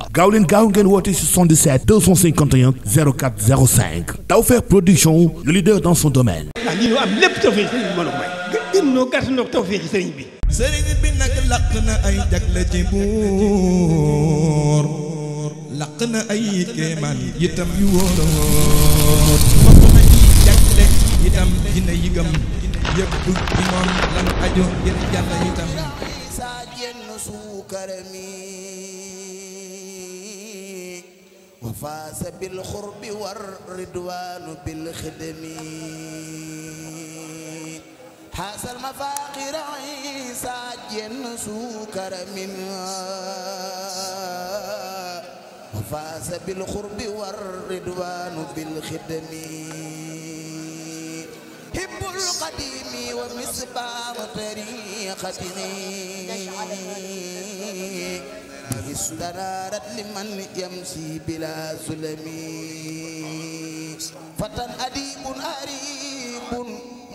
waaw gaaw gaaw ngeen woote 77 251 04 05 Tawfekh Production le dans son domaine. ah lii ñu am lépp tawfeex sëriñ a may. gën noo gàtt sëriñ bi. sëriñ bi nag làq na ay jagle ci buur làq na ay kéemaan itam yu wóor moom ay jagle itam dina yëgam yëpp ci moom lan ajo ngir jàll itam. وفاز بالقرب والرضوان بالخدم حاز المفاخر عيسى جنس كرم وفاز بالقرب والرضوان بالخدم حب القديم ومصباح طريقته استرارت لمن يمشي بلا سلم فتى أديب أريب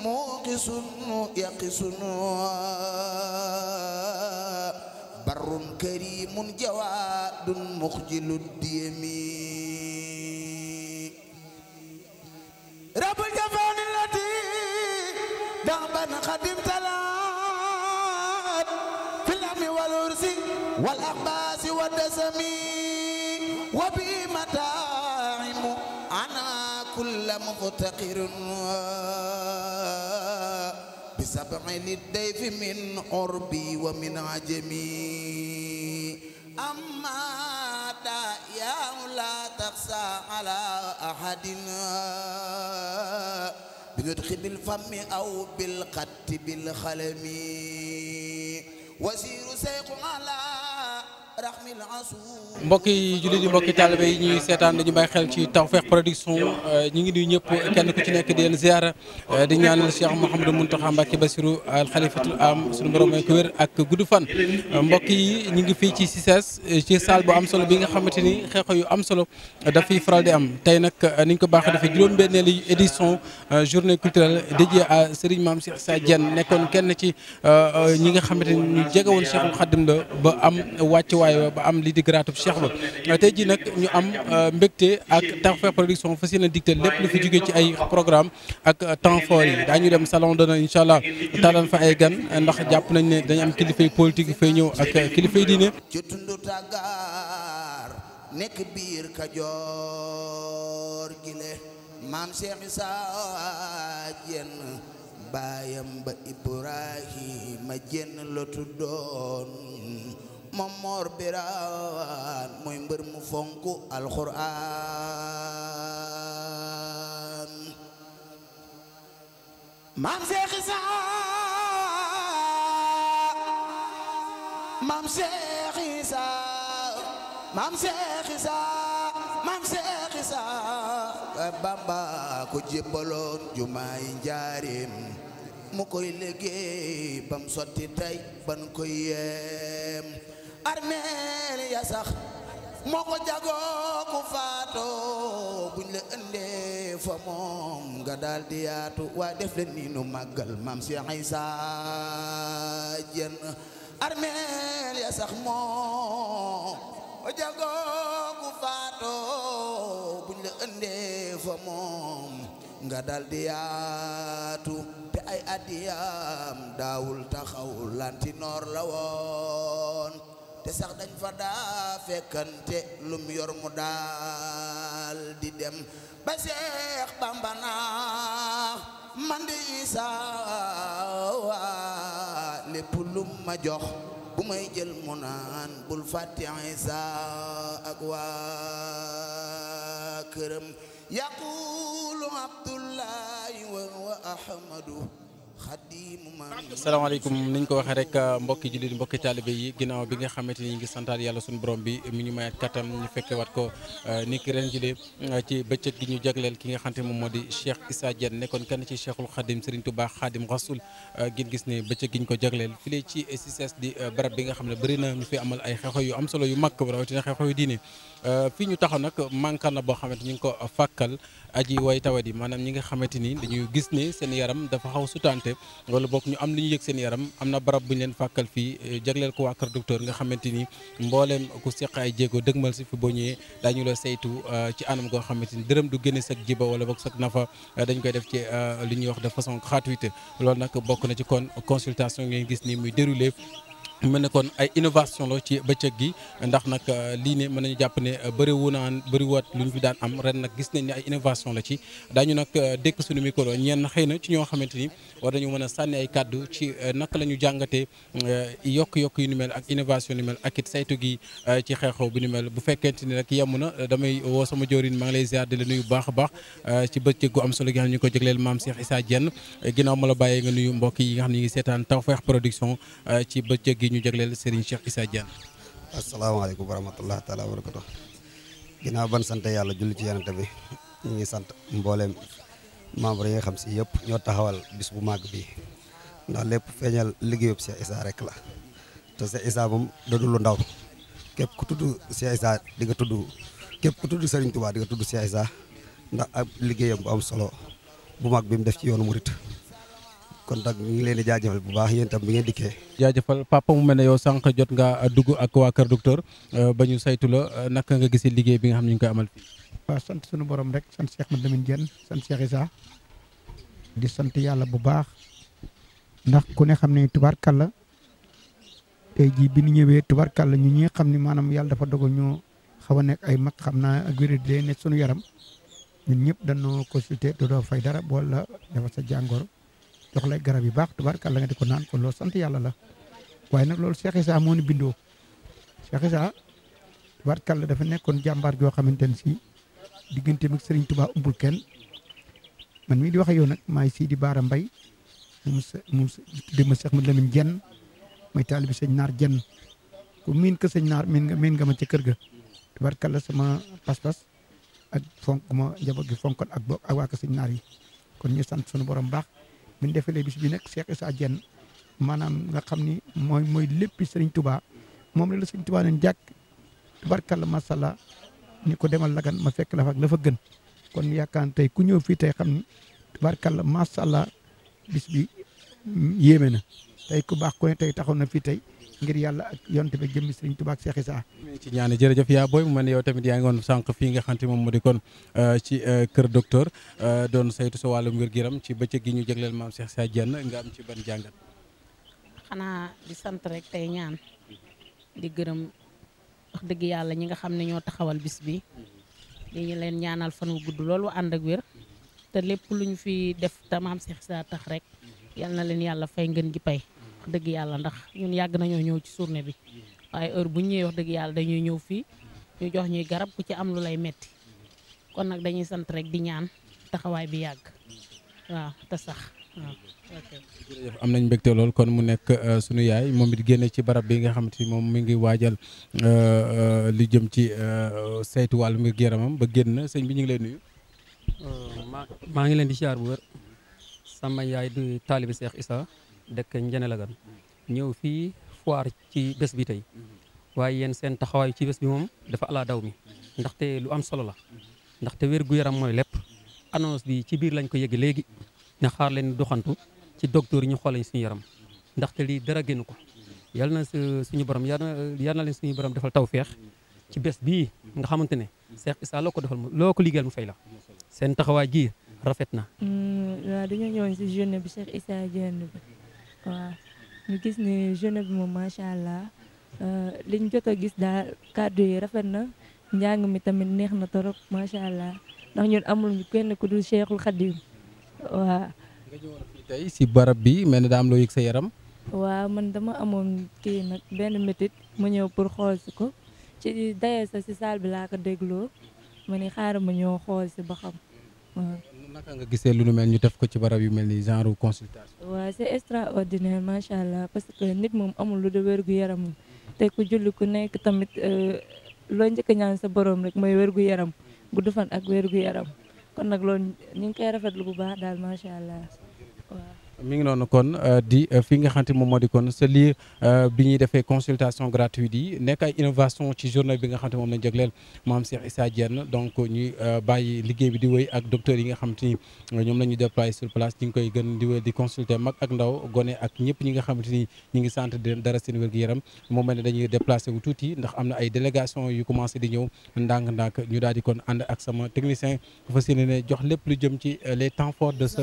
موقس يقس بر كريم جواد مخجل الديم رب الجفان التي دعبا قد امتلأت في الأم والعرس والأقباس والدسم وبمتاعم أنا كل مفتقر بسبع للديف من عربي ومن عجمي أما دايا لا تخشى على أحد بنطق بالفم أو بالقت بالخلم وزير سيق على mbokki jullit yi mbokki taalibe yi ñuy seetaan dañu bàyyi xel ci Tawfekh Production euh, ñi ngi nuyu ñëpp kenn ku ci nekk di leen ziara euh, di ñaanal Cheikh Mouhamadou Mountakha Mbacké Bassirou al xalifatul am suñu borom may ko wér ak gudd euh, yi ñi ngi fii ci CICES ci salle bu am solo bi nga xamante ni xeexo yu am solo dafiy faral di am tey nag niñ ko baaxee dafay juróom-benneelu édition journée culturelle dédiée à Serigne Mame Cheikh Issa Diène nekkoon kenn ci ñi nga xamante ni ñu jege woon Cheikhul Khadim la ba am wàccuwaay ba am lii di gratub Cheikh ba euh, tey ji nag ñu am euh, mbégte ak Tawfekh Production fas yéene lépp lu fi jógee ci ay programme ak euh, temps fort yi daañu dem salon dana incha allah taalal fa ay gan ndax jàpp nañ ne dañu am kilifay politique fay ñëw ak kilifay diine ci tundu tàggaar nekk biir Kajoor gile maam Cheikh Issa jenn baayam ba Ibrahima jenn la tuddoon moom moor biraan mooy mbër mu fonk alxuraan maam Seex maam Seex maam Seex Isa maam Seex jumaay njaarim mu koy liggéey bam sotti tey ban koy armeel ya sax moo ko jagoo ku faatoo buñ la ëndee fa moom nga daldi di yaatu waaye def leen nii nu màggal maam si Isa Diène armeel ya sax moo ko jagoo faatoo buñ la ëndee fa moom nga daal yaatu te ay addiyam daawul taxaw lanti noor la woon te sax dañ fa daa fekkante lum yor mu di dem ba Seex Bamba naa man di Isa wa lépp ma jox bu may jël mu bul fàtte Isa ak waa këram yaqulu Abdullahi wa Ahmadu salaamaaleykum niñ ko waxee rek mbokki jullit mbokki taalibe yi ginnaaw bi nga xamante ni ñu ngi santaat yàlla suñu borom bi mi ñu mayaat kattan ñu fekke wat ko euh, ni ki ren jile euh, ci bëccëg gi ñu jagleel ki nga ne moom moo di Cheikh Issa Diène nekkoon kenn ci Cheikhul Khadim Serigne Touba Khadim Rasoul euh, ngeen gis ne bëccëg gi ñu ko jagleel fii ci CICES di barab bi nga xam ne bëri na ñu fi amal ay xeexoo yu am solo yu mag rawatina xeexoo yu diine fii ñu taxaw nag mankaan na boo xamante ñu ngi ko fàkkal aji way tawat yi maanaam ñi nga xamante ni dañuy gis ni seen yaram dafa xaw sutante wala bokk ñu am lu ñu yëg seen yaram am na barab bu ñu leen fàkkal fii eh, jagleel ko waa kër docteur nga xamante ni mbooleem ku seq ay jéego dëgmal si fi boo ñëwee daañu la saytu eh, ci anam goo xamante ni dërëm du génne sag jiba wala bokk sag nafa eh, dañ koy def ci li ñuy wax de façon gratuite loolu nag bokk na ci kon consultation ngeen gis nii muy déroulé mën na kon ay innovation la ci bëccëg gi ndax nag euh, lii ne mën nañu jàpp ne euh, bëri wu naan bëri waat lu ñu fi daan am ren nag gis nañ ne ay innovation la ci daañu nag euh, dékk suñu micro ñenn xëy na ci ñoo xamante ni war nañu mën a sànni ay kàddu ci naka la ñu jàngatee yokk-yokk yu ni mel ak innovation ni mel ak it saytu gi ci xeexoo bu ni mel bu fekkente ni rek yem na damay woo sama joorin maa ngi di la nuyu baax a baax ci bëccëg gu am solo gi xam ne ñu ko jégleel maam Cheikh Issa Diène ginnaaw ma la bàyyee nga nuyu mbokk yi nga xam ne ñu ngi seetaan Tawfekh Production bi ñu jagleel Serigne Cheikh Issa Diène asalaamaaleykum wa rahmatulah taalaa wa barakatu ginnaaw ban sant yàlla julli ci yonent bi ñu ngi sant mbooleem membre yi nga xam si yëpp ñoo taxawal bis bu màgg bi ndax lépp feeñal liggéeyub Cheikh Issa rek la te Cheikh Issa moom dodu lu ndaw képp ku tudd Cheikh Issa di nga tudd képp ku tudd Serigne Touba di nga tudd Cheikh Issa ndax ab liggéeyam bu am solo bu mag bi mu def ci yoonu murit kon nag ñu ngi leen di jaajëfal bu baax yéen tam bi ngeen dikkee. jaajëfal papa mu mel ne yow sànq jot nga dugg ak waa Kër Docteur euh, ba ñu saytu la euh, naka nga gisee liggéey bi nga xam ne ñu ngi koy amal fii. waaw sant sunu borom rek sant Cheikh Mouhamed Lamine Diène sant Cheikh Issa di sant yàlla bu baax ndax ku ne xam ne tubaarkàlla tey jii bi ñu ñëwee tubaarkàlla ñu ñi xam ne maanaam yàlla dafa dogal ñu xaw a nekk ay mag xam naa ak wér di nekk sunu yaram ñun ñëpp dañoo consulter te doo fay dara la dafa sa jàngoro. jox la garab yu baax tubaarkàlla nga di ko naan kon loolu sant yàlla la waaye nag loolu Cheikh Issa moo ni bindoo Cheikh Issa tubaarkàlla dafa nekkoon jàmbaar joo xamante ne si digganteem ak Serigne Touba ubbul kenn man mii di wax ak yow nag maay Sidi Baara Mbay mu mu tuddee ma Cheikh Mouhamadou Lamine Dieng may taalibi sëñ Naar Dieng ku miin ko sëñ Naar miin nga miin nga ma ca kër ga tubaarkàlla sama pas-pas ak fonk ma njaboot gi fonkoon ak bokk ak waa ko sëñ Naar yi kon ñu sant sunu borom baax. bi ñu defalee bis bi nag Cheikh Issa Diène maanaam nga xam ni mooy mooy lépp sëriñ Touba moom la la Serigne Touba leen jàkk tubarkalla masalla ni ko demal lagan ma fekk la fa la fa gën kon yaakaar naa tey ku ñëw fii tey xam ni tubarkalla masalla bis bi yéeme na tey ku baax ku tey taxaw na fii tey. ngir yàlla ak yonte bi jëmmi sëriñ Tuubaa ak Seex Isaa ci ñaan jërëjëf yaa booy ma man yow tamit yaa ngi woon sànq fii nga xam te moom mu di kon euh, ci euh, kër docteur euh, doon saytu sa wàllum wér gu ci bëccëg gi ñu jagleel maam Seex Isaa Jeen nga am ci ban jàngat xanaa di rek tey ñaan gërëm wax dëgg yàlla ñi nga xam ne ñoo taxawal bis bi di ñu leen ñaanal fan wu gudd loolu ànd ak wér te lépp lu ñu fi def te maam Seex Isaa tax rek yal na leen yàlla fay ngeen gi pay dëgg yàlla ndax ñun yàgg nañoo ñëw ci journée bi waaye heure bu ñu ñëwee wax dëgg yàlla dañuy ñëw fii ñu jox ñuy garab ku ci am lu lay metti kon nag dañuy sant rek di ñaan taxawaay bi yàgg waaw te sax am nañ mbégte lool kon mu nekk euh, sunu yaay moom di génne ci barab bi nga xamante ni moom mi ngi waajal euh, euh, li jëm ci saytu wàllum yaramam ba génn sëñ bi ñu ngi lay nuyu. maa ngi leen di siyaar bu wër sama yaay du taalibi Cheikh Issa. dëkk Njanelagan ñëw fii foire ci bés bi tey waaye yéen seen taxawaay ci bés bi moom dafa ala daw mi ndaxte lu am solo la ndaxte wér-gu-yaram mooy lépp annonce bi ci biir lañ ko yëg léegi ne xaar leen doxantu ci docteur yi ñu xoolañ suñu yaram ndaxte lii dara génn ko yal na suñu borom yal na leen suñu borom defal taw feex ci bes bi nga xamante ne Cheikh Issa loo ko defal loo ko liggéeyal mu fay la seen taxawaay ji rafet na. Mm, waaw dañoo ñëwoon si journée bi Cheikh Issa Diène bi waaw ñu gis ne jeune moom macha allah euh, liñ jot a gis daal kàddu yi rafet na njàng mi tamit neex na torop macha allah ndax ñu amul kenn ku dul Cheikhul Khadim waaw. nga si barab bi mel ni daa am loo yëg sa yaram. waaw man dama amoon kii nag benn métit ma ñëw pour xool si ko ci dayee sa si saal bi laa ko dégloo ma ni xaaral ma ñëw xool si ba xam naka nga gisee lu nu mel ñu def ko ci barab yu mel ni genre consultation. waa c'est extraordinaire macha allah parce que nit moom amul lu de wér gu te ku julli ku nekk tamit euh, loo njëkk ñaan sa borom rek mooy wér yaram gudd defan ak wér gu yaram kon nag loolu ñu ngi koy rafetlu bu baax daal macha allah. mi ngi noonu kon euh, di euh, fi nga xamante moom moo di kon sa liir euh, bi ñuy defee consultation gratuite yi nekk ay innovation ci journée bi nga xamante moom lañ jagleel maam Cheikh Issa Diène donc bàyyi liggéey bi di wéy ak docteur yi nga xam te ñoom la ñuy déployer sur place ñu ngi koy gën di wéy di consulter mag ak ndaw gone ak ñëpp ñi nga xamante ni ñu ngi sant dara seen wér gu yaram moom mel ne dañuy déplacé wu tuuti ndax am na ay délégation yu commencé di ñëw ndànk-ndànk ñu daal di kon ànd ak sama technicien fas yéene ne jox lépp lu jëm ci les temps forts de ce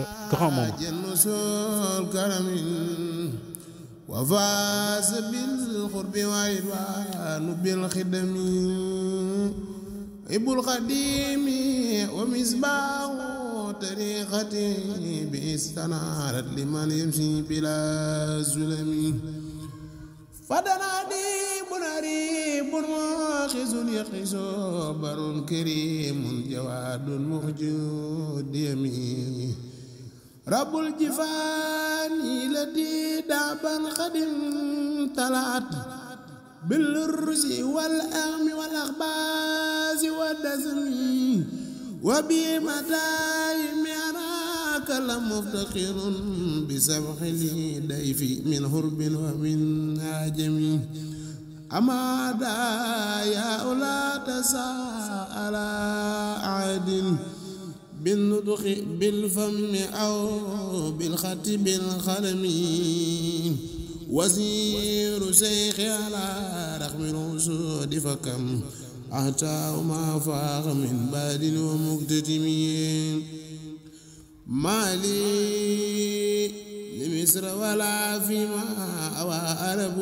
الكرم وفاز بالقرب والرضوان بالخدم ابو القديم ومصباح طريقته باستنارت لمن يمشي بلا ظلم فدنادي مناريب ماخذ يقظ بر كريم جواد مخجود يمين rabbul jifaan yi la di daaban xadim talaat bil rusi wal ami wal axbaasi wa dasmi wa bi mataay mi araaka la muftaxirun bi sabxili day fi min xurbin wa min ajami amaada yaa ulaata saa ala aadin بالنطق بالفم أو بالخط بالقلم وزير شيخ على رغم الرشد فكم أتاه ما فاق من باد ومكتتم ما لي لمصر ولا فيما أوى عرب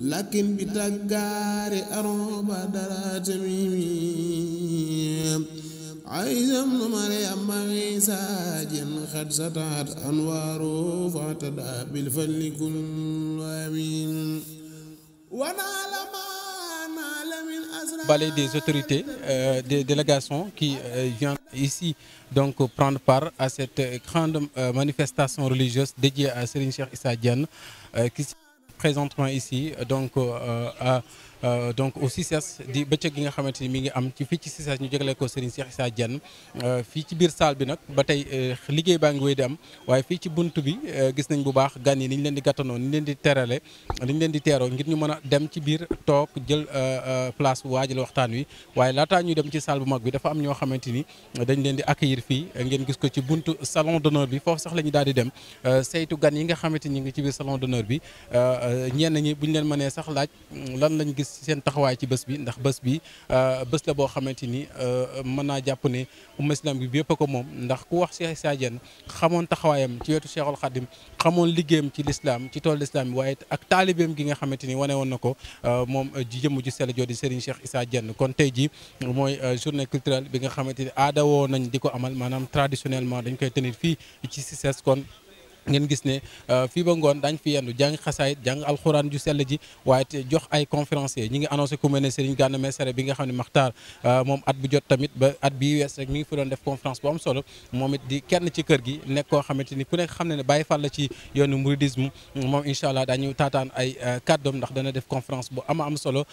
لكن بتجار أروب درى تميم عيسى ابن مريم عيسى جن قد سطعت أنواره فاعتدى بالفل كل آمين ونعلم balai des autorités, euh, des délégations qui euh, viennent ici donc prendre part à cette grande euh, manifestation religieuse dédiée à Serigne Cheikh euh, qui présentement ici donc euh, à Euh, donc au CICES di bëccëg gi nga xamante ni mi ngi am ci fii ci CICES ñu jëgalee ko Serigne Cheikh Issa Diène euh, fii ci biir saal bi nag ba tey euh, liggéey baa ngi wéy di am waaye fii ci bunt bi gis nañ bu baax gan yi ni leen di gàttanoo ni ñu leen di terale ni leen di teeroo ngir ñu mën a dem ci biir toog jël place waajal waxtaan wi waaye laataa ñuy dem ci salle bu mag bi dafa am ñoo xamante ni dañ leen di accueillir fii ngeen gis ko ci buntu salon d'honneur bi foofu sax la ñu daal di dem saytu gan yi nga xamante ni ñu ngi ci biir salon d'honneur bi ñenn ñi buñ leen mënee sax laaj mm, gis seen taxawaay ci bés bi ndax bés bi euh, bés la boo xamante ni euh, mën naa jàpp ne umma islam bi yëpp a ko moom ndax ku wax Cheikh Issa Diène xamoon taxawaayam ci wetu Cheikhul Khadim xamoon liggéeyam ci lislaam ci tool lislaam bi waaye ak taalibeem gi nga xamante ni wane woon na ko euh, moom ji jëmm ji sell joo di Serigne Cheikh Issa kon tey ji mooy journée culturelle bi nga xamante ni aada woo nañ di ko amal maanaam traditionnellement dañ koy tenir fii ci Cissesse kon ngeen gis ne euh, fii ba ngoon daañ fi yendu jàng xasaayit jàng alxuraan ju sell ji waaye te jox ay conférencier ñi ngi annoncé ku mel ne Serigne Gana Messere bi nga xam ne Makhtar euh, moom at bu jot tamit ba at bii wees rek mi ngi fi doon def conférence bu am solo la ci yoonu mouridisme moom incha allah daañu taataan ay euh, kàddoom ndax dana def conférence bu am solo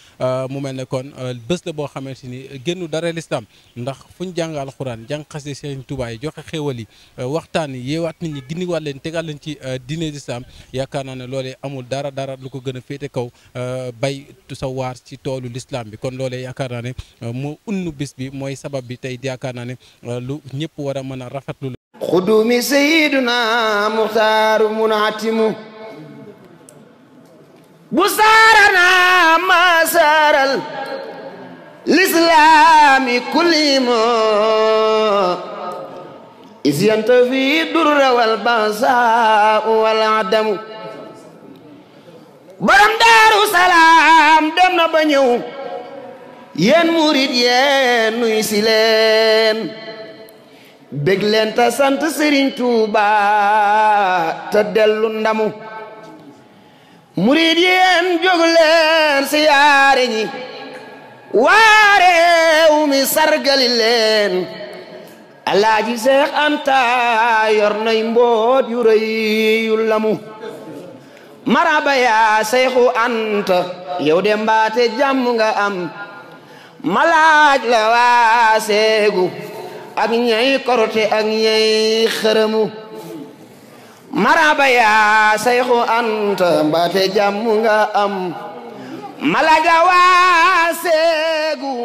mu mel ne koon bés la boo xamante ni génnu dara lislaam ndax fu ñu jàng alxuraan jàng xasee Serigne Touba yi joxe xéewal yi waxtaan yeewaat nit ñi gindi leen tegal taxawal lañ ci euh, diine lislaam yaakaar naa ne loolee amul dara dara lu ko gën a féete kaw euh, bay sa waar ci toolu lislaam bi kon loolee yaakaar naa ne euh, moo unnu bis bi mooy sabab bi tey yaakaar naa ne lu ñëpp war a mën a rafetlu la xudumi sayiduna muxtaaru munaatimu bu saarana ma saaral lislaami kulli mo is yantafi durra wal basa wal adamu borom dem na ba ñëw yéen murit nuy si leen bég leen ta sant Sëriñ Tuuba te dellu ndamu murit yéen jóg leen si yaare ñi waare mi sargali leen alaaji seex anta yor nay mboot yu rëy yu lamu maraba yaa seexu anta yow de mbaate jàmm nga am malaaj la waa seegu ak ñey korote ak ñey xërëmu maraba yaa seexu anta mbaate jàmm nga am malaaj la waa seegu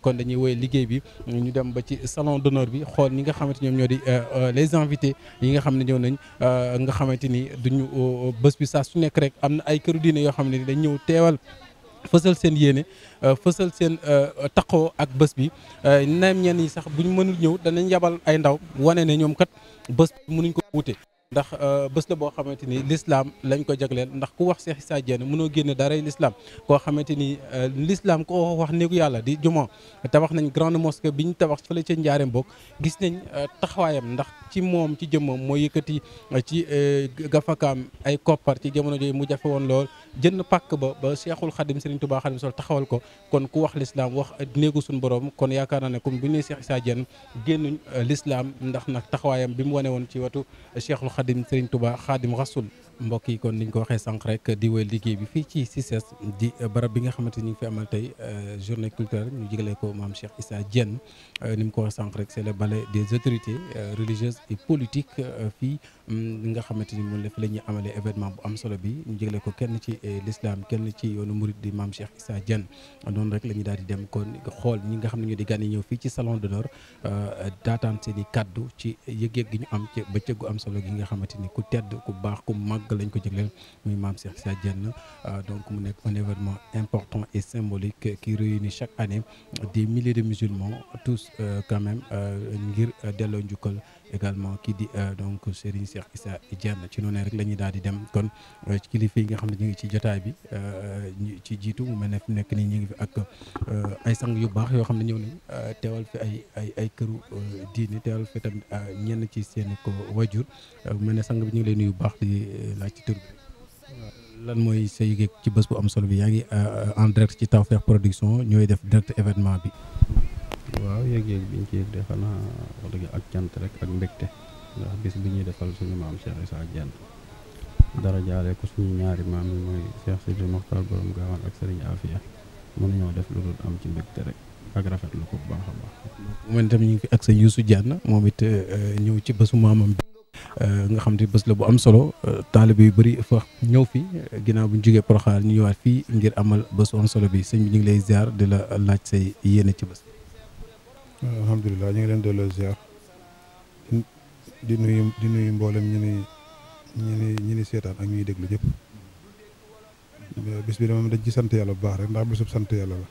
kon dañuy woy liggéey bi ñu dem ba ci salon d'honneur bi xool ñi nga xamante ñoom ñoo di euh, euh, les invités yi nga xam ne ñëw nañ euh, nga xamante ni duñu bës bi saa su nekk rek am na ay këru diine yoo xam ne dañ ñëw teewal fësal seen yéene fësal seen taqo ak bës bi naam ñenn ñi sax bu ñu mënul ñëw danañ jabal ay ndaw wane ne ñoom kat bés bi mënuñ ko wuute ndax euh, bés la boo xamante ni lislaam lañ ko jagleel ndax ku wax Cheikh Issa Diène mënoo génne daray lislaam koo xamante ni euh, lislaam ko wax néegu yàlla di juma tabax nañ grande mosquée bi ñu tabax fële ci njaareem boog gis nañ euh, taxawaayam ndax ci moom ci jëmmam moo yëkkati ci gafakaam ay koppar ci jamono jooju mu jafe woon lool jënd pàkk ba ba Cheikhul Khadim Serigne Touba Khadim Sol taxawal ko kon ku wax lislaam wax néegu suñ borom kon yaakaar naa ne comme bu ñu nee Cheikh Issa Diène génnuñ euh, lislaam ndax nag taxawaayam bi mu wane woon ci watu Cheikhul Khadim Serigne Touba Khadim Rasoul mbokk yi kon niñ ko waxee sànq rek di wéy liggéey bi fii ci CICES di barab bi nga xamante ni ñu ngi fi amal tey euh, journée culturelle ñu jigale ko maam Cheikh Issa Diène euh, ni mu ko waxee sànq rek c'est le balai des autorités euh, religieuses et politiques fii mm, nga xamante ni moom la la ñuy amalee événement bu am solo bi ñu jigale ko kenn ci l'islam kenn ci yoonu murid di maam Cheikh Issa Diène noonu rek la ñu daal di dem kon xool ñi nga xam ne ñoo di gan ñëw fii ci salon d'honneur daataan seen i kaddu ci yëg-yëg gi ñu am ci bëccëg gu am solo gi nga xamante ni ku tedd ku baax ku mag rakk lañ ko jëgleel muy maam Cheikh Issa Diène euh, donc mu nekk un événement important et symbolique qui réunit chaque année des milliers de musulmans tous euh, quand même euh, ngir delloo njukkal également kii di euh, donc Serigne Cheikh Issa na ci noonu rek la ñuy daal di dem kon euh, ci kilifa yi nga xam ne ñu ngi ci jotaay bi euh, ci jiitu mu mel ne nekk nii ñu ngi fi ak ay sang yu baax yoo xam ne ñëw nañ teewal fi ay ay këru diini teewal fi tamit ñenn ci seen ko wajur mu mel ne sang bi ñu ngi lay nuyu baax di laaj ci tur lan mooy sa yëgeeg ci bës bu am solo bi yaa ngi en direct ci feex Production ñooy def direct événement bi. waaw yëg-yëg biñ ci yëg de xanaa wax ak cant rek ak mbégte ndax bis bi ñuy defal suñu maam Cheikh Issa Diène dara jaaree ko suñu ñaari maam yi mooy Cheikh Sidi Mokhtar borom gaawaan ak Serigne Afia mënuñoo def lu dul am ci mbégte rek ak rafet lu ko bu baax a baax. tamit ñu ngi fi ak sa su Diène moom it euh, ñëw ci bésu maamam bi euh, nga xam ne bés la bu am solo euh, taalibe yu bëri fa ñëw fi ginnaaw bu ñu jógee Porokhane ñu ñëwaat fii ngir amal bésu am solo bi sëñ bi ñu ngi lay ziar di la laaj say yéene ci bés. alhamdulilah ñu ngi leen delloo ziar di nuyu di nuyu mboolem ñu ni ñu ni ni seetaan ak ñuy déglu ñëpp bis bi moom dañ ci sant yàlla bu baax rek ndax bisub sant yàlla la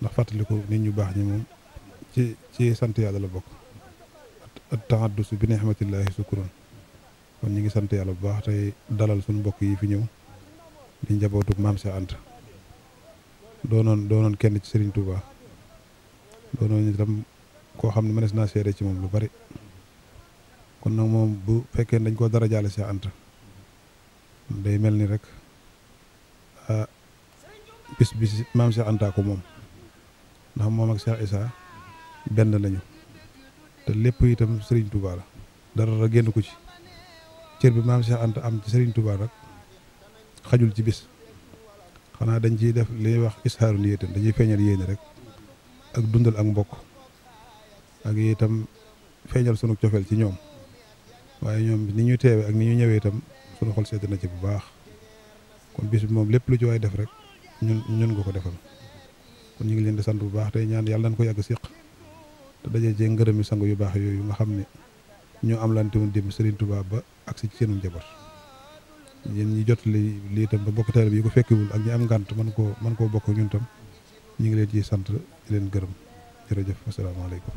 ndax fàttaliku nit ñu baax ñi moom ci ci sant yàlla la bokk at tahaddus bi nihmatillahi sukkuroon kon ñu ngi sant yàlla bu baax tey dalal suñu mbokk yi fi ñëw di njabootu maam sa Anta doonoon doonoon kenn ci Serigne Touba. doonoon itam koo xam ne mënees naa seere ci moom lu bari kon nag moom bu fekkee dañ koo dara jàll Cheikh Anta day mel ni rek bis bis maam Cheikh Anta ko moom ndax moom ak Cheikh isa benn lañu te lépp itam Serigne Touba la dara génn ko ci cër bi maam Cheikh Anta am ci Serigne Touba rek xajul ci bis xanaa dañ ciy def li ñuy wax ishaaru niyetan dañuy feeñal yéene rek ak dundal ak mbokk ak itam feeñal sunu cofeel ci ñoom waaye ñoom ni ñu teewe ak ni ñu ñëwee itam sunu xol sedd na ci bu baax kon bis bi moom lépp lu ci waay def rek ñun ñun nga ko defal kon ñu ngi leen di sant bu baax tey ñaan yàlla nañ ko yàgg siq te dajee cee ngërëmi sangu yu baax yooyu nga xam ne ñoo am lante woon dem Serigne Touba ba ak ci seenu jabar ñeen ñi jot li lii itam ba bokk taalibe yi ko fekkiwul ak ñi am ngànt man koo mën koo bokk ñun tam ñu ngi leen ciy sant di leen gërëm jërëjëf asalaamaaleykum.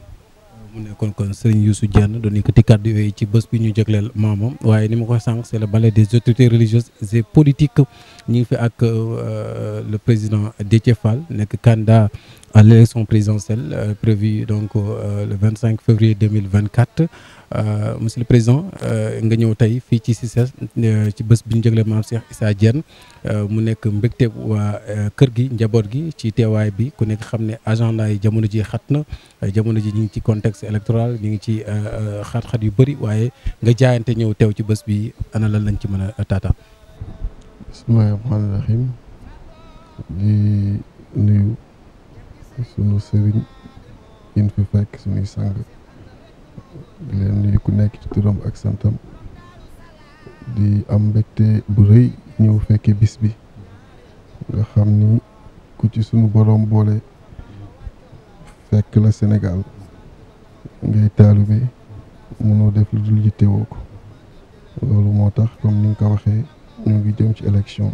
mu nekkoon kon Serigne Youssou Dieng doon nañu ko ci kàddu yooyu ci bés bi ñu jagleel maamam waaye ni ma ko sànq c'est le ballet des autorités religieuses et politiques ñu ngi fi ak euh, le président Déthié Fall nekk candidat à l'élection présidentielle euh, prévue donc euh, le 25 février 2024. Euh, monsieur le président euh, nga ñëw tey fii ci Cissé euh, ci bës bi ñu jëgle maam Cheikh Issa mu nekk mbégte waa kër gi njaboot gi ci teewaay bi ku nekk xam ne agenda yi jamono ji xat na jamono ji ñu ngi ci contexte électoral ñu ngi ci xat-xat yu bari waaye nga jaayante ñëw teew ci bës bi ana lan lañ ci mën a taataan. di leen nuyu ku nekk ci turam ak santam di am mbégte bu rëy ñëw fekkee bis bi nga xam ni ku ci sunu boroom boole fekk la Sénégal ngay taalibe mënoo def lu dul yittewoo ko loolu moo tax comme ni nga ko waxee ñu ngi jëm ci élection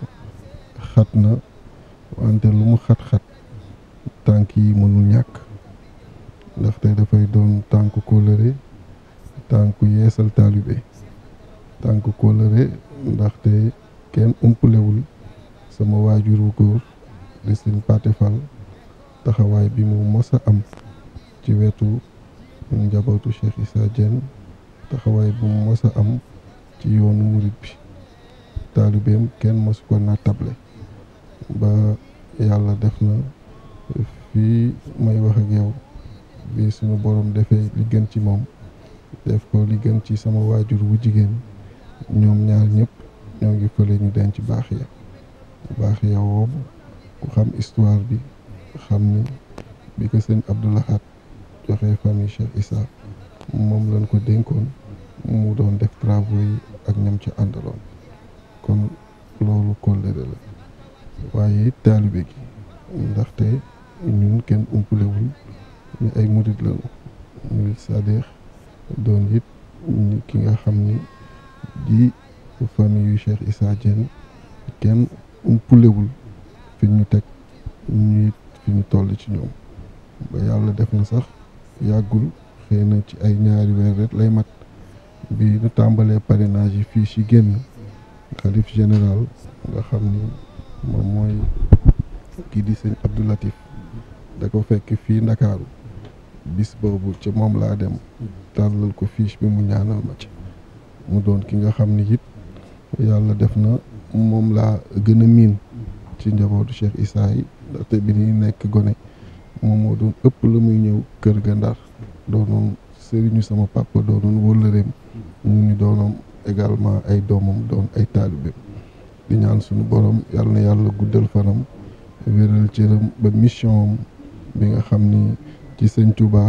xat na wante lu mu xat-xat tànk yi mënul ñàkk ndaxte dafay doon tànk kóllëre tànku yeesal taalibe tànku kóllëre ndaxte kenn umpalewul sama waajur wu góor di patefal taxawaay bi mu mos a am ci wetu njabootu Cheikh Issa Diène taxawaay bi mu mos a am ci yoonu murit bi taalibeem kenn mosu ko nattable ba yàlla def na fii may wax ak yow bi suñu borom defee li gën ci moom def ko li gën ci sama waajur bu jigéen ñoom ñaar ñëpp ñoo ngi fële ñu denc baax ya baax ya woobu ku xam histoire bi xam ni bi ko sëñ Abdoulahat joxe famille Cheikh Issa moom lañ ko dénkoon mu doon def travaux yi ak ñam ca àndaloon kon loolu kóllëre la waaye it taalibe gi ndaxte ñun kenn umpalewul ñu ay murit lañu murit sadeex doon it ki nga xam ni di famille yu Cheikh Issa kenn umpulewul fi ñu teg ñu fi ñu toll ci ñoom ba yàlla def sax yàggul xëy ci ay ñaari weer rek lay mat bi ñu tàmbalee parrainage fii ci génn xalif général nga xam ni moom mooy kii di seen Abdou Latif da ko fekk fii Ndakaaru bis boobu ci moom laa dem tàllal ko fiche bi mu ñaanal ma ci mu doon ki nga xam ni it yàlla def na moom laa gën a miin ci njabootu Cheikh Issa yi ndaxte bi ñuy nekk gone moom moo doon ëpp la muy ñëw kër ga Ndar doonoon sëriñu sama papa doonoon wëllëreem ñu ñu doonoon également ay doomam doon ay taalibeem di ñaan suñu borom yàlla yàlla guddal fanam wéral cëram ba mission bi nga xam ni ci sëñ Touba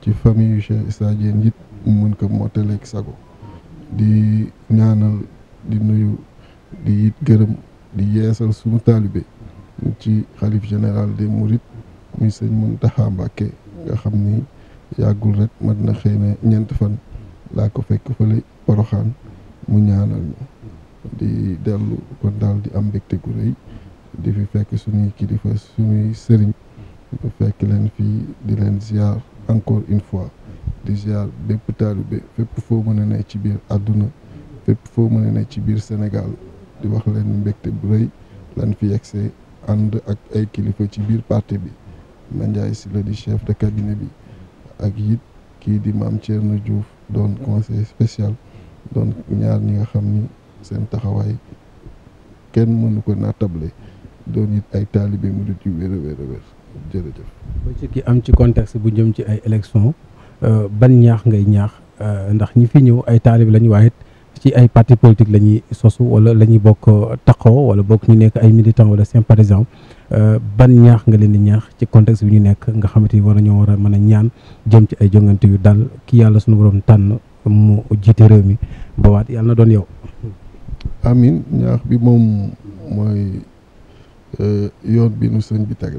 ci famille yu Cheikh Issa Diène it mu mën ko mottaleeg sago di ñaanal di nuyu di it gërëm di yeesal suñu taalibe ci xalif général des Mourides muy sëñ Mountakha Mbacké nga xam ni yàggul rek mat na xëy na ñeent fan laa ko fekk fële Poroxaan mu ñaanal ñu di dellu kon dal di am mbégte gu rëy di fi fekk suñuy kilifa suñuy sëriñ fekk leen fii di leen ziar encore une fois di ziar bépp taalibe fépp foo mën ne ci biir àdduna fépp foo mën ne ci biir Sénégal di wax leen mbégte bu rëy lan fi yegsee ànd ak ay kilifa ci biir parti bi Mandiaye Sylla di chef de cabinet bi ak it kii di Mame Thierno Diouf doon conseil spécial doon ñaar ñi nga xam ni seen taxawaay kenn mënu ko naatable doon it ay taalibe mu dut yu wér a wér jërëjëf. ba ki am ci contexte bu jëm ci ay élections euh, ban ñaax ngay ñaax euh, ndax ñi fi ñëw ay taalib lañ waaye ci ay parti politique la ñuy sosu wala la ñuy bokk euh, taxaw wala bokk ñu nekk ay militant wala sympathisant ban ñaax nga leen di ñaax ci contexte bi ñu nekk nga xamante ni war nañoo war a mën a ñaan jëm ci ay jongante yu dal ki yàlla suñu borom tànn mu jiite réew mi ba waat yàlla na doon yow. amin ñaax bi moom mooy yoon bi nu sëñ bi teg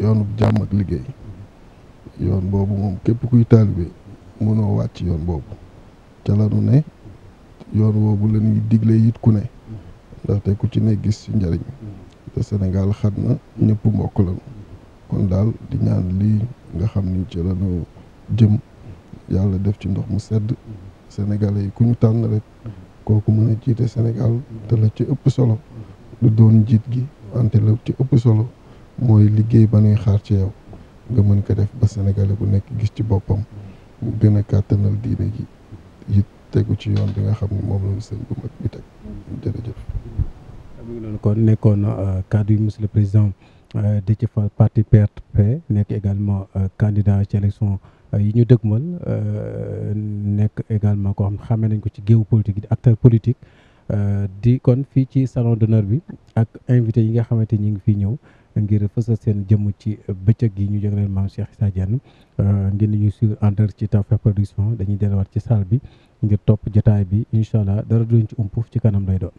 yoonu jàmm ak liggéey yoon boobu moom képp kuy taalibe mënoo wàcc yoon boobu ca la ne yoon boobu la ñuy digle it ku ne ndaxte ku ci ne gis ci njariñ te Sénégal xat na ñépp mbokk lañu kon daal di ñaan lii nga xam ni ci la jëm yàlla def ci ndox mu sedd Sénégalais yi ku ñu tànn rek kooku mën a jiite senegal te la ci ëpp solo du doon jiit gi wante la ci ëpp solo mooy liggéey ba nuy xaar ci yow nga mën ko def ba sénégalais bu nekk gis ci boppam gën a kàttanal diine ji it tegu ci yoon bi nga xam ne moom la sëñ bu mag bi teg jërëjëf. am ngi noonu kon nekkoon euh, kàddu yi monsieur le président euh, Déthié Fall parti PRP nekk également euh, candidat ci élection yi ñu dëgmal nekk également ko xam xamee nañ ko ci géewu politique di acteur politique di kon fii ci salon d'honneur bi ak invité yi nga xamante ñi ngi fii ñëw. ngir fësal seen jëmm ci bëccëg yi ñu jagleel maam Cheikh Issa Diène euh, ngeen di ñu suivre en direct ci Tawfekh Production dañuy delluwaat ci saal bi ngir topp jataay bi incha allah dara duñ ci ump ci kanam lay doon.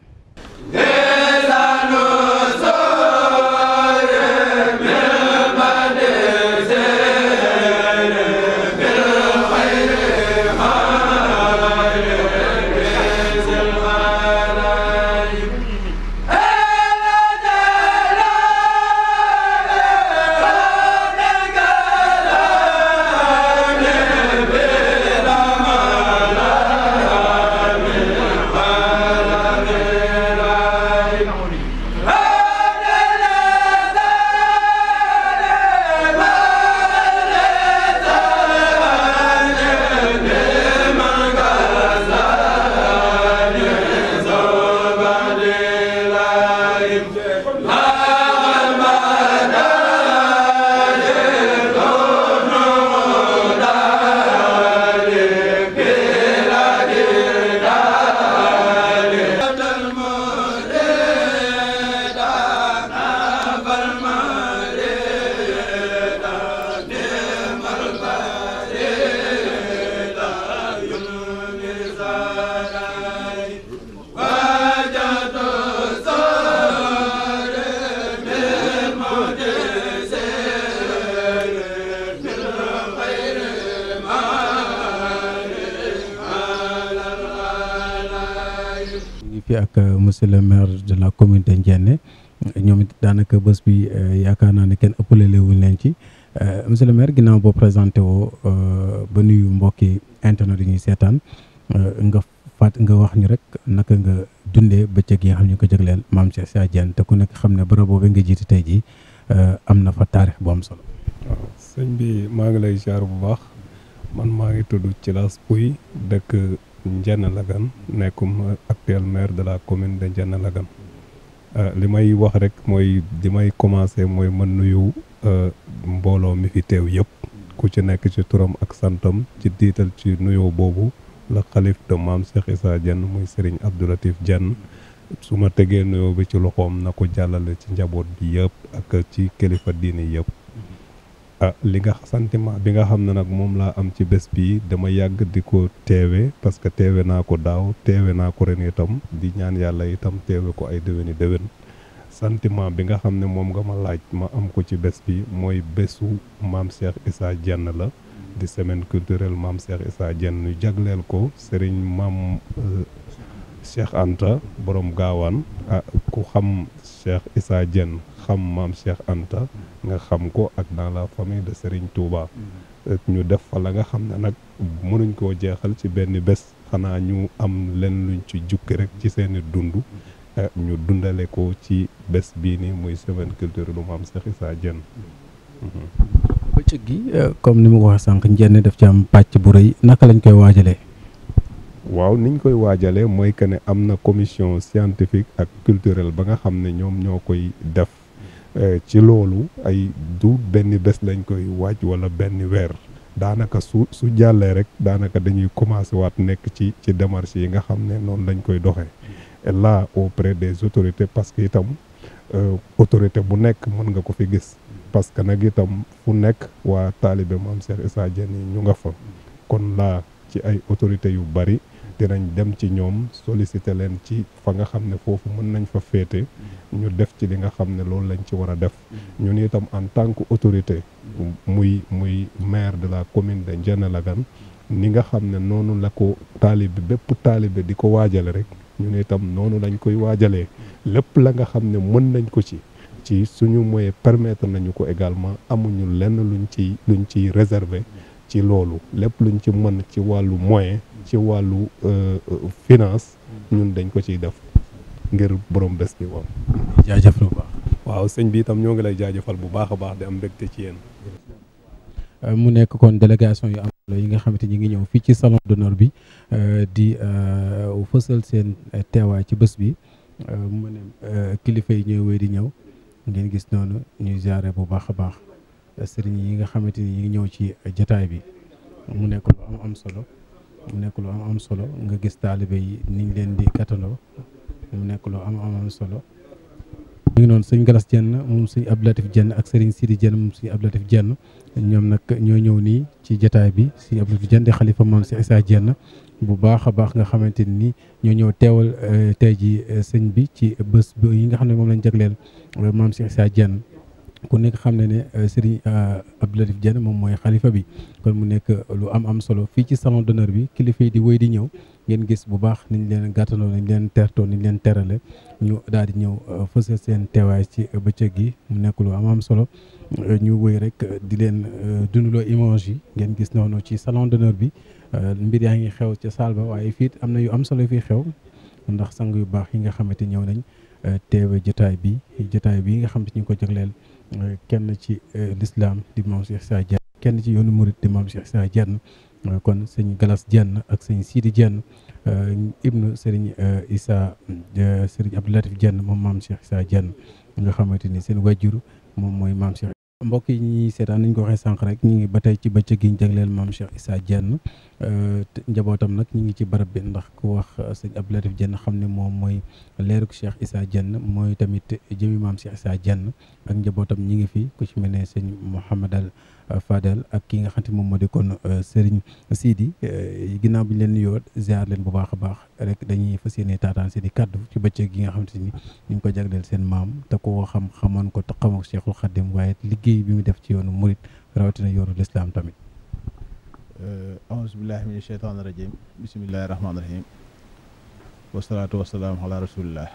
monsieur le maire de la commune de Ndiéné ñoom it daanaka bés bi euh, yaakaar naa ne kenn ëppalale wuñ leen ci euh, monsieur le maire ginnaaw boo présenté woo euh, ba nuyu mbokki internet yi ñuy seetaan nga faat nga wax ñu rek naka nga dundee bëccëg yi xam ñu ko jagleel maam Cheikh Issa Diène te ku nekk xam ne barab boobu nga jiite tey jii am na fa taarix bu am solo. waaw bi maa ngi lay ziar bu baax man maa ngi tudd Djilass Pouye dëkk. Ndiéna Lagane nekkum actuel maire de la commune de Ndiéna Lagane euh, li may wax rek mooy li may commencer mooy mën nuyu euh, mbooloo mi fi teew yëpp ku ci nekk ci turam ak santam ci diital ci nuyoo boobu la xalif de maam Cheikh Issa muy Serigne Abdou Latif Diène su ma tegee nuyoo bi ci loxoom na ko jàllale ci njaboot bi yëpp ak ci kilifa diini yëpp Ah, li nga sentiment bi nga xam ne nag moom laa am ci bés bii dama yàgg di ko teewe parce que teewe naa ko daaw teewe naa ko ren itam di ñaan yàlla itam teewe ko ay déwéni déwén sentiment bi nga xam ne moom nga ma laaj ma am ko ci bés bi mooy bésu maam Cheikh Issa Diène la di semaine culturel maam Cheikh Issa Diène ñu jagleel ko sëriñ maam euh, Cheikh Anta borom gaawaan ah ku xam Cheikh Issa Diène xam maam Cheikh Anta nga xam ko ak dans la famille de Serigne Touba. ñu def fa la nga xam ne nag mënuñ koo jeexal ci benn bés xanaa ñu am leen luñ ci jukki rek ci seeni dund eh, ñu dundale ko ci bés bii nii muy semaine culture lu maam Cheikh Issa Diène mhm. bëccëg gi eh, comme ni ma ko waxee sànq njëriñ daf ci am pàcc bu rëy naka lañ koy waajalee. waaw niñ koy waajalee mooy que ne am na commission scientifique ak culturelle ba nga xam ne ñoom ñoo koy def. Eh, ci loolu ay du benn bés lañ koy waaj wala benn weer daanaka su su jàllee rek daanaka dañuy commencé waat nekk ci ci démarche yi nga xam ne noonu lañ koy doxee et là auprès des autorités parce que itam euh, autorité bu nekk mën nga ko fi gis parce que nag itam fu nekk waa taalibe Maam Cheikh Issa Dieng ñu nga fa kon laa ci ay autorités yu bari dinañ dem ci ñoom solliciter leen ci fa nga xam ne foofu mën nañ fa féete ñu def ci li nga xam ne loolu lañ ci war a def ñun itam en tant que autorité muy muy maire de la commune de Ndiéné Lagane ni nga xam ne noonu la ko taalibe bépp taalibe di ko waajale rek ñun itam noonu lañ koy waajalee lépp la nga xam ne mën nañ ko ci ci suñu moyen permettre nañu ko également amuñu lenn luñ ciy luñ ciy réserver ci loolu lépp luñ ci mën ci wàllu moyen ci wàllu euh, finance mm. ñun dañ ko ciy def ngir boroom bés bi waaw. jaajëf bu baax. waaw sëñ bi itam ñoo ngi lay jaajëfal bu baax a baax di am mbégte ci yéen. Euh, mu nekk kon délégation yu am yi nga xamante ñi ngi ñëw fii ci salon d'honneur bi euh, di fësal seen teewaay ci bés bi mu ne kilifa yi ñooy di ñëw ngeen gis noonu ñuy jaare bu baax a baax sëriñ yi nga xamante ni ñi ngi ñëw ci jataay bi mu nekk lu am am solo. mu nekk lu am am solo nga gis taalibe yi niñ leen di kataloo mu nekk lu am am solo ñu ngi noonu sëñ Galas Jenn moom sëñ Abdou Latif Jenn ak sëriñ Sidi Jenn moom sëñ Abdou Latif Jenn ñoom nag ñoo ñëw nii ci jataay bi sëñ Abdou Latif Jenn di xalifa moom si Isaa Jenn bu baax a baax nga xamante ni ñoo ñëw teewal eh, tey ji eh, sëñ bi ci bés yi nga xam ne moom lañ jagleel eh, maam si Isaa Jenn ku nekk xam ne ne euh, Serigne euh, Abdou Latif Diène moom mooy xalifa bi kon mu nekk euh, lu am am solo fii ci salon d'honneur bi kilifa yi di woy di ñëw ngeen gis bu baax niñ leen gàttaloo niñ leen tertoo niñ leen terale ñu daal di ñëw fësal seen teewaay ci bëccëg gi mu nekk lu am am solo ñu wéy rek di leen dundaloo image yi ngeen gis noonu ci salon d'honneur bi mbir yaa ngi xew ca salle ba waaye fii am na yu am solo fi xew ndax sang yu baax yi nga xamante ñëw nañ teewe jotaay bi jotaay bi yi nga xam ne ñu ko jagleel Euh, kenn ci euh, lislaam di maam Cheikh Issa Diène kenn ci yoonu murit di maam Cheikh Issa Diène euh, kon sëñ Galas Diène ak sëñ Sidi Diène ibnu sëriñ Issa sëriñ Abdou Latif Diène moom maam Cheikh Issa Diène nga xamante ni seen wajjur moom mooy maam Cheikh mbokk yi ñuy seetaan nañ ko waxee sànq rek ñu ngi ba tey ci bëccëg gi ñu jagleel maam Cheikh Issa Diène euh, njabootam nag ñu ngi ci barab bi ndax ku wax euh, sëñ Abdou Latif Diène xam ne moom mooy leerug Cheikh Issa Diène mooy tamit jëmi maam Cheikh Issa Diène ak njabootam ñi ngi fi ku ci mel ne seen Mouhamadal Euh, Fadel ak ki nga xam te moom moo di kon euh, Serigne Sidi euh, ginaaw bi ñu leen nuyoo ziar leen bu baax a baax rek dañuy fa yéene taataan seen i kàddu ci bëccëg gi nga xam te ni ñu ko jagleel seen maam te koo xam xamoon ko te xamoo Cheikhul Khadim waaye liggéey bi mu def ci yoonu murit rawatina yoonu lislaam tamit. aousubillahi min asheytaan irajim bisimillahi rahmaani rahim wasalaatu wasalaam ala rasulillah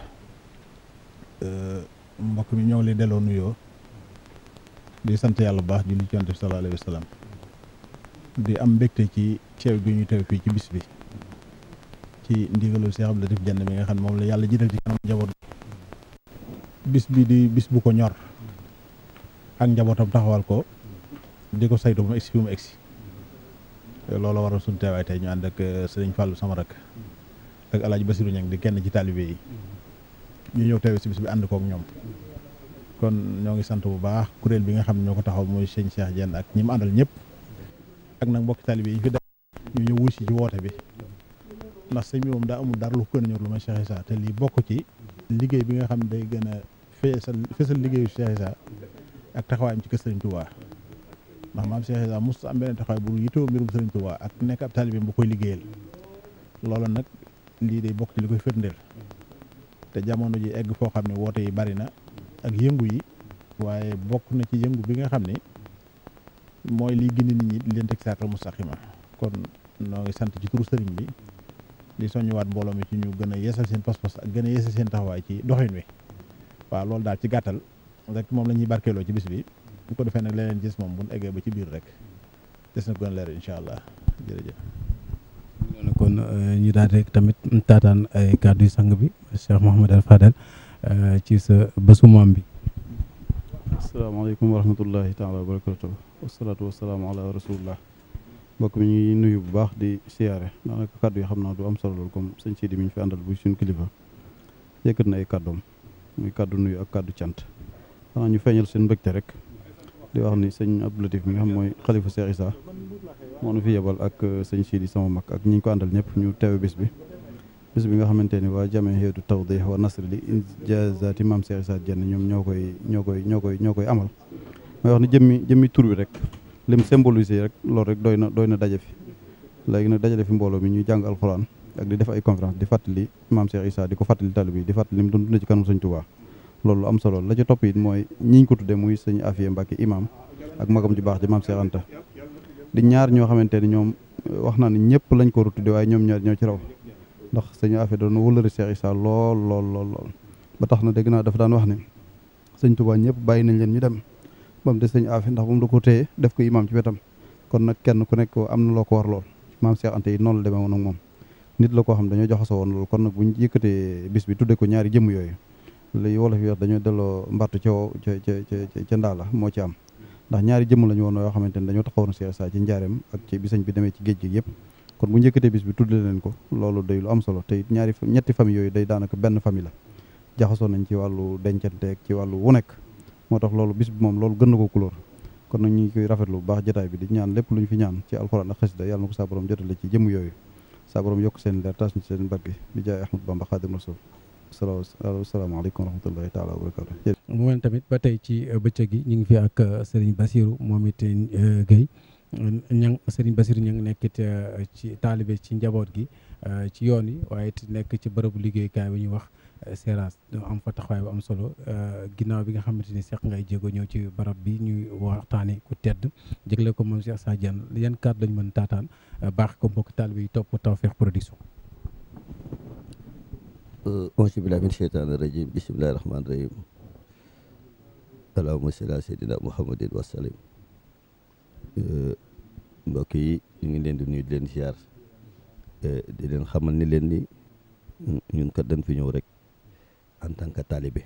mbokk mi ñëw ngi deloo nuyoo di sant yàlla bu baax julli ci yonent bi sallallahu di am mbégte ci teew bi ñu teew fii ci bis bi ci ndigalu Cheikh la Latif Diène mi nga xam ne moom la yàlla jiital ci kanam njaboot bis bi di bis bu ko ñor ak njabootam taxawal ko di ko saytu ba mu egsi fi mu egsi loolu waral suñu teewaay tey ñu ànd ak euh, sëriñ Fallou sama rakk ak El Hadj Basirou di kenn ci taalibe yi ñu ñëw teew si bis bi ànd kook ñoom kon ñoo ngi sant bu baax kuréel bi nga xam ñoo ko taxaw mooy sëñ Cheikh jenn ak ñi mu àndal ñëpp ak nag mbokki taalibe yi fi def ñu wuy si ci woote bi ndax sëñ bi moom daa amul dara lu ko gën a ñor te lii bokk ci liggéey bi nga xam day gën a feesal feesal liggéeyu Cheikh Issa ak taxawaayam ci kër Sëriñ Touba ndax maam Cheikh Issa mos am beneen taxawaay bu yittoo mbirum Sëriñ Touba ak nekk ab taalibe bu koy liggéeyal loolu nag lii day bokk ci li koy firndeel te jamono ji egg foo xam ne woote yi bari na ak yëngu yi waaye bokk na ci yëngu bi nga xam ne mooy liy gindi nit ñi di leen teg saatal mustaqima kon noo ngi sant ci turu sëriñ bi di soññuwaat mbooloo mi ci ñu gën a yeesal seen pas-pas ak gën a yeesal seen taxawaay ci doxin wi waaw loolu daal ci gàttal rek moom la ñuy barkeeloo ci bis bi bu ko defee nag leneen gis moom bu eggee ba ci biir rek des na gën a leer incha allah jërëjëf. kon euh, ñu daal rek tamit taataan ay kàddu yu sang bi Cheikh Mouhamadou Euh, ci sa bésu bi asalaamaaleykum wa rahmatullahi taala wa barakatuh wasalaatu mbokk mi ñu nuyu bu baax di siyaare daanaka kàddu yi xam naa du am solo lool comme sëñ Sidi mi ñu fi àndal bu suñu kilifa yëkkat na ay kàddoom muy kàddu nuyu ak kaddu cant xanaa ñu feeñal seen mbégte rek di wax ni sëñ Abdou Latif mi nga xam mooy xalifa Cheikh Issa moo nu fi yebal ak euh, sëñ Sidi sama mag ak ñi ñu ko àndal ñëpp ñu teewe bis bi bis bi nga xamante ni waa jamaahiratu tawdih wa nasr li injazati maam Cheikh Issa Diène ñoom ñoo koy ñoo koy ñoo koy ñoo koy amal mooy wax ni jëmmi jëmmi tur bi rek lim symbolisé rek loolu rek doy na doy na daje fi léegi nag dajale fi mbooloo mi ñuy jàng alxuraan ak di def ay conférence di fàttali maam Cheikh Issa di ko fàttali talib yi di fàttali mu dund na ci kanam sëñ Tuubaa loolu am solo la ci topp it mooy ñi ñu ko tuddee muy sëñ Afiye Mbacke imam ak magam ju baax di maam Cheikh Anta di ñaar ñoo xamante ni ñoom wax naa ne ñëpp lañ ko tuddee waaye ñoom ñaar ñoo ci raw ndax sëñ Afia doon wëllëri Cheikh Issa lool lool lool lool ba tax na dégg naa dafa daan wax ne sëñ Touba ñëpp bàyyi nañ leen ñu dem ba de des sëñ Afia ndax moom da ko téye def ko imaam ci wetam kon nag kenn ku nekk am na loo ko war lool maam Cheikh Anta yi noonu la demee woon ak moom nit la koo xam dañoo joxasoo woon lool kon nag bu ñu yëkkatee bis bi tudde ko ñaari jëmm yooyu li wolof dañoo delloo mbattu ca ca ca ca ndaa la moo ci am ndax ñaari jëmm la ñu woon yoo xamante ne dañoo taxawoon Cheikh Issa ci njaareem ak ci bi sëñ bi demee ci géej gi yëpp kon bu njëkkatee bis bi tudde leen ko loolu day lu am solo te it ñaari ñetti famille yooyu day daanaka benn fami la jaxasoo nañ ci wàllu dencanteeg ci wàllu wu nekk moo tax loolu bis bi moom loolu gën na ko couleur kon nag ñu ngi koy rafetlu bu baax jotaay bi di ñaan lépp lu ñu fi ñaan ci alxuraan ak xasida yàlla na ko saa borom jotale ci jëmm yooyu saa borom yokk seen leer tas ñu seen barke bi jaay Ahmad Bamba Xaadim Rasul salaamaaleykum wa rahmatullahi taala wa mo moom tamit ba tey ci uh, bëccëg gi ñu ngi fi ak uh, Serigne Bassirou moom it uh, Guèye ñang sëriñ Basir ñang nekkit ci taalibe ci njaboot gi euh, ci yoon yi waaye it nekk ci bërëbu liggéeykaay bi ñuy wax euh, Seras do am fa taxawaay bu am solo euh, ginnaaw bi nga xamante ni seq ngay jéego ñëw ci barab bi ñuy waxtaanee ku tedd jëgle ko moom Cheikh Sadiane yan kàddu lañ mën taataan baax ko mbokk taalibe yi topp Tawfekh Production auzu billahi min sheytaani rajim bismillahi rahmaani rahim allahumma salli ala Euh, mbokk yi ñu ngi leen di nuyu di leen siyaar euh, di leen xamal ni leen ni ñun kat dañ fi ñëw rek en tant que taalibe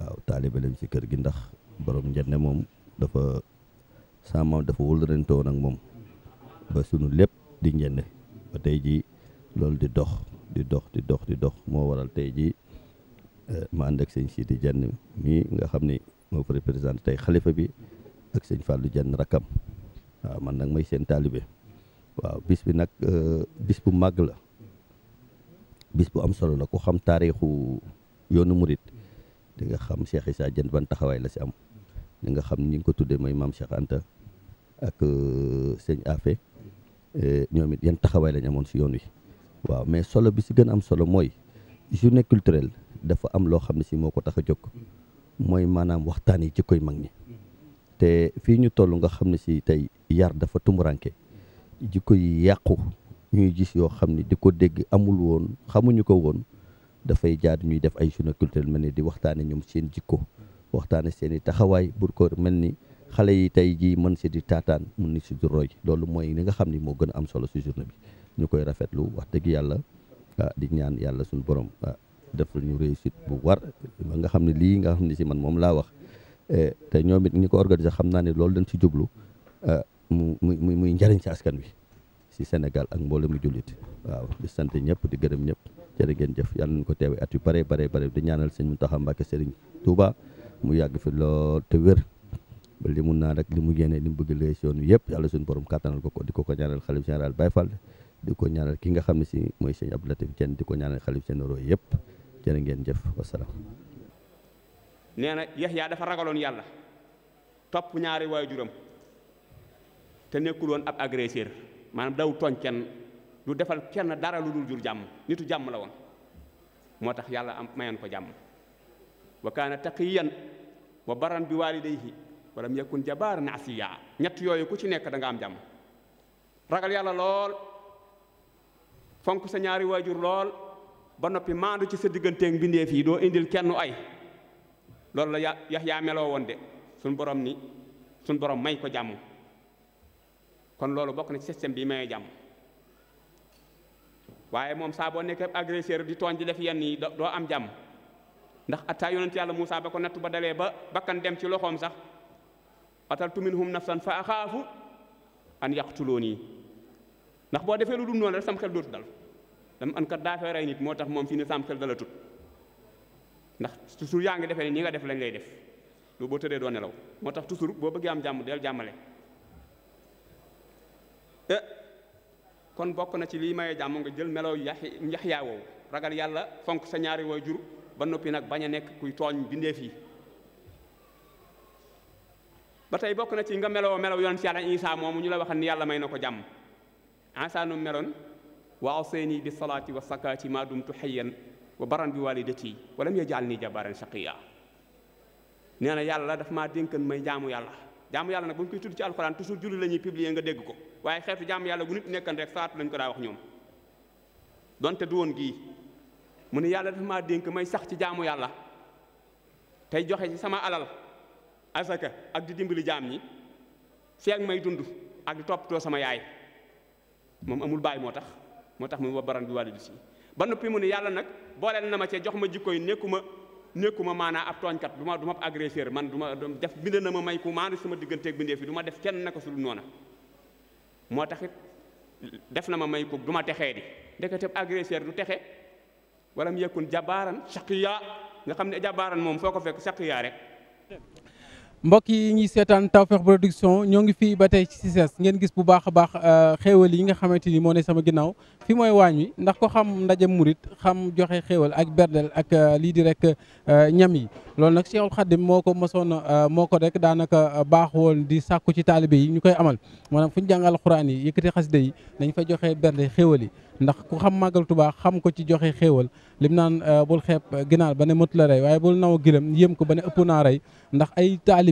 waaw taalibe lañ ci kër gi ndax borom njënd moom dafa sama maam dafa wëllarante woon ak moom ba sunu lépp di njënd ba tey jii loolu di dox di dox di dox di dox moo waral tey jii euh, ma ànd ak sëñ di Dieng mii nga xam ni moo fa représenté tey xalifa bi. ak sëñ Fallou Diagne rakam waaw man nag may seen taalibe waaw bis bi nag euh, bis bu màgg la bis bu am solo la ku xam taarixu yoonu murit di nga xam Cheikh Issa Diagne ban taxawaay la si am di nga xam ni nga ko tuddee mooy maam Cheikh Anta ak euh, sëñ Afe euh, ñoom it yan taxawaay lañ amoon si yoon wi waaw mais solo bi si gën a am solo mooy journée culturel dafa am loo xam ne si moo ko tax a jóg mooy maanaam waxtaan yi ci koy mag ñi te fii ñu toll nga xam ne si tey yar dafa tumuranke jikko yi yàqu ñuy gis yoo xam ne di ko dégg amul woon xamuñu ko woon dafay jaadu ñuy def ay journée culturelle mel ni di waxtaane ñoom seen jikko waxtaane seen i taxawaay pour ko mel ni xale yi tey jii mën si di taataan mën ni si di loolu mooy li nga xam ni moo gën a am solo si bi ñu koy rafetlu wax dëgg yàlla ah, di ñaan yàlla suñu borom ah, defal ñu réussite bu war nga xam ne lii nga xam ne si man moom laa wax Eh, te ñoom it ñi ko organisé xam naa ne loolu dañ ci jublu eh, mu muy muy njëriñ ci askan wi si Sénégal ak mboolem mu jullit waaw di sante ñëpp di gërëm ñëpp jërë ngeen jëf yàlla nañu ko teewe at yu bare bare bare di ñaanal sëñ Mountakha Mbacké Serigne Touba mu yàgg fi lool te wér ba li mun naa rek li mu yéene li mu bëgg lay yoon yëpp yàlla suñu borom kàttanal ko di ko ko ñaanal xalif général Baye Fall di ko ñaanal ki nga xam ne si mooy sëñ Abdou Latif Diène di ko ñaanal xalif généraux yëpp jërë ngeen jëf wasalaam nee na Yaxya dafa ragaloon yàlla topp ñaari waajuram te nekkul woon ab agresseur maanaam daw tooñ kenn du defal kenn dara lu dul jur jàmm nitu jàmm la woon moo tax yàlla am mayoon ko jàmm wa kaana taqiyan wa baran bi waalidayhi walam yakun jabaaran asiya ñett yooyu ku ci nekk danga am jàmm ragal yàlla lool fonk sa ñaari waajur lool ba noppi maandu ci sa digganteeg mbindeef yi doo indil kenn ay loolu la ya yaa meloo woon de suñ boroom ni suñ borom may ko jàmm kon loolu bokk na ci système bi mayee jàmm waaye moom saaboo boo nekkee agresseur di tooñ di def yenn yi doo am jàmm ndax ataa yonent yàlla Moussa ba ko natt ba dalee ba bakkan dem ci loxoom sax ataltu minhum nafsan fa axaafu an yaqtuluuni ndax boo defee lu dul noonu rek sam xel dootu dal dama an kat daa nit moo tax moom fii ne sam xel dala tut ndax toujours yaa ngi defe ni ñi nga def lañ lay def loolu boo tëree doo nelaw moo tax toujours boo bëggee am jàmm del jàmmale eh, kon bokk na ci lii mayee jàmm nga jël melaw yax yax yaa woowu ragal yàlla fonk sa ñaari waajur ba noppi nag bañ nekk kuy tooñ bindeef yi ba tey bokk na ci nga meloo melaw yoon ci yàlla Isaa moomu ñu la waxal ni yàlla may na ko jàmm Isaa nu meloon waaw seeni bi salaati wa sakaati maa dumtu xayyan wa baran bi de walidati walam yaj'alni jabbaran shaqiyya nee na yàlla daf maa dénkan may jaamu yàlla jaamu yàlla nag bu ñu koy tudd ci alxuraan toujours julli la ñuy publier nga dégg ko waaye xeetu jaamu yàlla bu nit nekkan rek salaatu lañ ko daa wax ñoom donte du woon gii mu ne yàlla dafa maa dénk may sax ci jaamu yàlla tey joxe ci sama alal asaka ak di dimbali jaam yi feeg may dund ak di toppatoo sama yaay moom amul baay moo tax moo tax mu wa baran bi wàllu ba noppi mu ne yàlla nag booleel na ma cee jox ma jikko yi nekkuma nekkuma maanaa ab tooñkat du ma du ma agresseur man duma ma def bind na ma may ku maandu sama digganteeg bindeef yi du def kenn naka su dul noona moo taxit def na ma may ku du ma texee di ndekete agresseur du texe wala mu yekkun jabaaran shaqiya nga xam ne jabaaran moom foo ko fekk shaqiya rek mbokk yi ñuy seetaan Tawfekh Production ñoo ngi fii ba tey ci CICES ngeen gis bu baax a baax euh, xéewal yi nga xamante ni moo ne sama ginnaaw fi mooy waañ wi ndax ko xam ndaje murit xam joxe xéewal ak berdel ak euh, lii di rek euh, ñam yi loolu nag Cheikhul Khadim moo ko mosoon moo ko rek daanaka baax woon di sàkku ci taalibe yi ñu koy amal maanaam fu ñu jàngal xuraan yi yëkkati xas yi dañ fa joxe berde xéewal yi ndax ku xam màggal Tuubaa xam ko ci joxe xéewal lim naan bul xeeb ginaar ba ne mët waaye bul naw gilam yéem ko ba ne ëpp naa rey ndax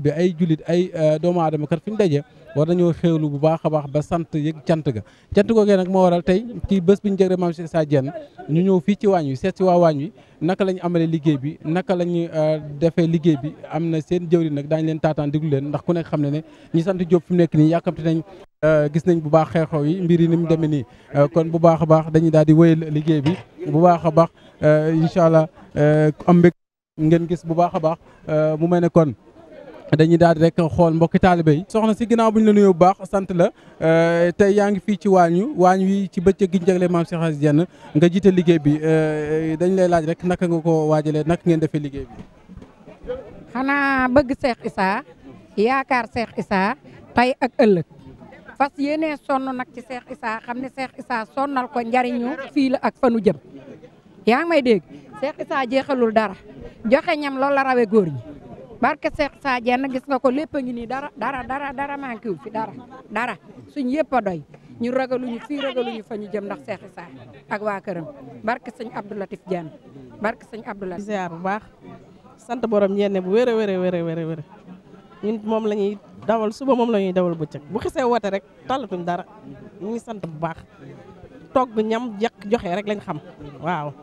bi ay julit ay euh, doomu aadama kat fi ñu dajee war nañoo xéewlu bu baax a baax ba sant yëg cant ga cant googee nag moo waral tey kii bés bi ñu jëg maam Cheikh sa Diène ñu ñëw fii ci waañ wi seet si waa waañ wi naka la ñu amalee liggéey bi naka la ñu euh, defee liggéey bi am na seen jëwriñ nag daañ leen taataan diglu leen ndax ku nekk xam ne ne ñi sant Diop fi mu nekk nii yàkkamti nañ euh, gis nañ bu baax xew-xew yi mbir yi ni mu demee nii kon bu baax a baax dañuy daal di wéyal liggéey bi bu baax a baax incha allah am mbég ngeen gis bu baax a baax mu mel ne dañuy daal di rek xool mbokki taalibe yi soxna si ginnaaw bu ñu la nuyoo bu baax sant la euh, tey yaa ngi fii ci waañu waañ wi ci bëccëg gi njëgle maam Cheikh Aziz Diène nga jiite liggéey bi euh, dañu lay laaj rek naka nga ko waajalee naka ngeen defee liggéey bi xanaa bëgg Cheikh Issa yaakaar Cheikh Issa tey ak ëllëg fas yéenee sonn nag ci Cheikh Issa xam ne Cheikh Issa sonnal ko njariñu fii la ak fanu jëm yaa ngi may dégg Cheikh Issa jeexalul dara joxe ñam loolu la rawe góor ñi barke Cheikh Sadiane gis nga ko lépp a ngi nii dara dara dara dara manqué wu fi dara dara suñ yëpp a doy ñu ragaluñu fii ragaluñu fa ñu jëm ndax Cheikh Issa ak waa këram barke sëñ Abdou Latif Diagne barke sëñ Abdou Latif ziar bu baax sant borom ñeene bu wér a wér a wér a wér moom la ñuy dawal suba moom la ñuy dawal bëccëg bu xisee woote rek tallatuñ dara ñu ngi sant bu baax togg ñam yàq joxe rek lañ xam waaw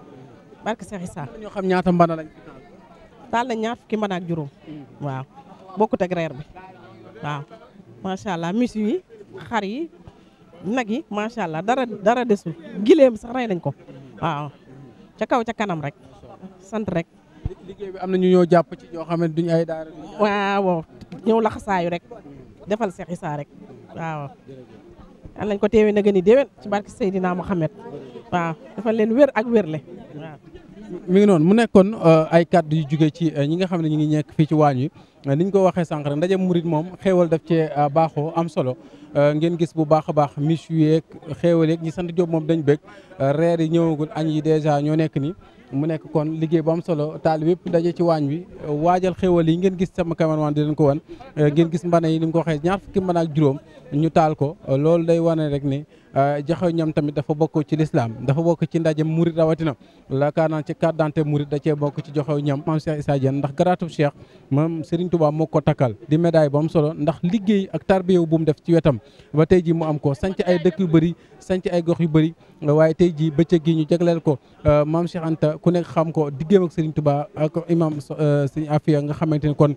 barke Cheikh Issa ñoo xam ñaata mbana lañ taal nañ ñaar fukki mën ak juróom waaw bokkut ak reer bi waaw macha allah mis yi xar yi nag yi macha allah dara dara desul gileem sax nañ ko waaw ca kaw ca kanam rek sant rek. am na ñu jàpp ci xam ne duñ ay daara. waaw ñëw laxasaayu rek defal Cheikh Issa rek waaw. yal nañ ko teewee na ni a déwén ci barke Seydina Mohamed waaw defal leen wér ak wérle waaw. mi ngi noonu mu nekkoon euh, ay kàddu yu jóge ci euh, ñi nga xam ne ñu ngi nekk fii ci waañ wi euh, ni ko waxee sànq rek ndaje murit moom xéewal daf cee baaxoo am solo ngeen gis bu baax a baax miche yeeg xéewal yeeg ñi sant Jóob moom dañ bëgg reer yi ñëwagul añ yi dèjà ñoo nekk nii mu nekk kon liggéey bu am solo taal yëpp daje ci waañ wi waajal xewal yi ngeen gis sama cameraman di leen ko wan ngeen gis mbana yi ni mu ko waxee ñaar fukki mbana juróom ñu taal ko loolu day wane rek ni Euh, jaxaw ñam tamit dafa bokk ci lislaam dafa bokk ci ndaje murit rawatina laakaar naa ci carte d'identité murit da cee bokk ci joxew ñam maam Cheikh Issa Diène ndax garaatub Cheikh moom Serigne Touba moo ko takkal di médaille bu am solo ndax liggéey ak tarbiya bu mu def ci wetam ba tey ji mu am ko sanc ay dëkk yu bari sanc ay gox yu bëri waaye tey ji bëccëg gi ñu jagleel ko euh, mam Cheikh Anta ku nekk xam ko diggéem ak Serigne Touba ak imam euh, Serigne Afia nga xamante ni kon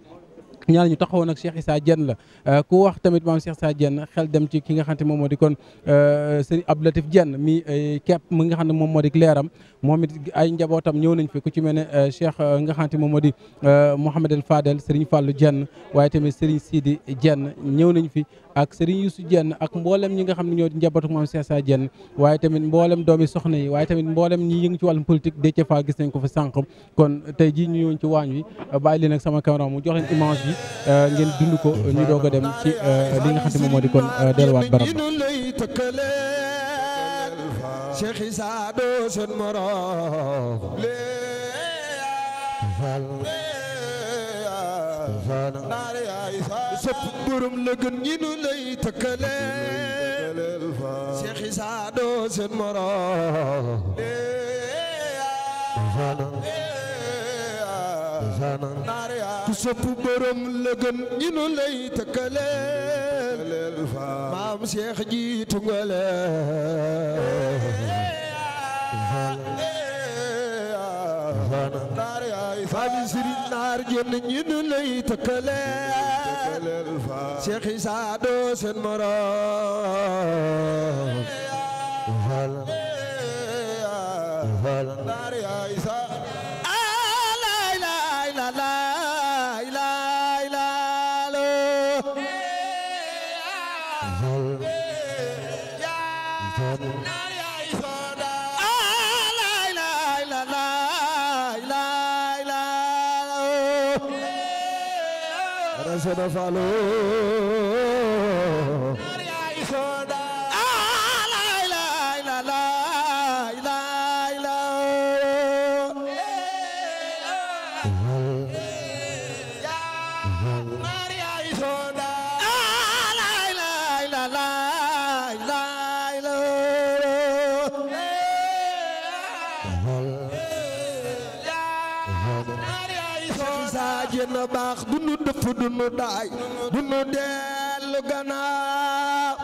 ñaar ñu taxawoon ak Cheikh Issa Diène la euh, ko wax tamit maam Cheikh Issa Diène xel dem ci ki nga xam ne moom moo di kon euh, sëriñ Abdou jenn Diène mi euh, kepp mi nga xam ne moom moo di leeram moom it ay njabootam ñëw nañ fi ku ci mel ne euh, Cheikh euh, nga xamante moom moo di euh, Mouhamed El Fadel Serigne fallu Dieng waaye tamit Serigne Sidi Dieng ñëw nañ fi ak Serigne Youssou Dieng ak mboolem ñi nga xam ne ñoo njabootu moom Cheikh Sa Dieng waaye tamit mboolem doomi soxna yi waaye tamit mboolem ñi yëngu ci wàllum politique Déthié Fall gis nañ ko fi sànq kon tey jii ñu ñëwoon ci waañ wi bàyyi leen ak sama caméra mu jox leen image yi ngeen dund ko ñu doog a dem ci li nga xam ne moo di kon delluwaat barab Cheikh Issa doo seen moroom sopp borom la gën ñi nu lay tëkkaleel Cheikh Issa doo seen moroom ku sopp borom la gën ñi nu lay tëkkaleel maam قد فعلوا dunu daay dunu dellu gannaaw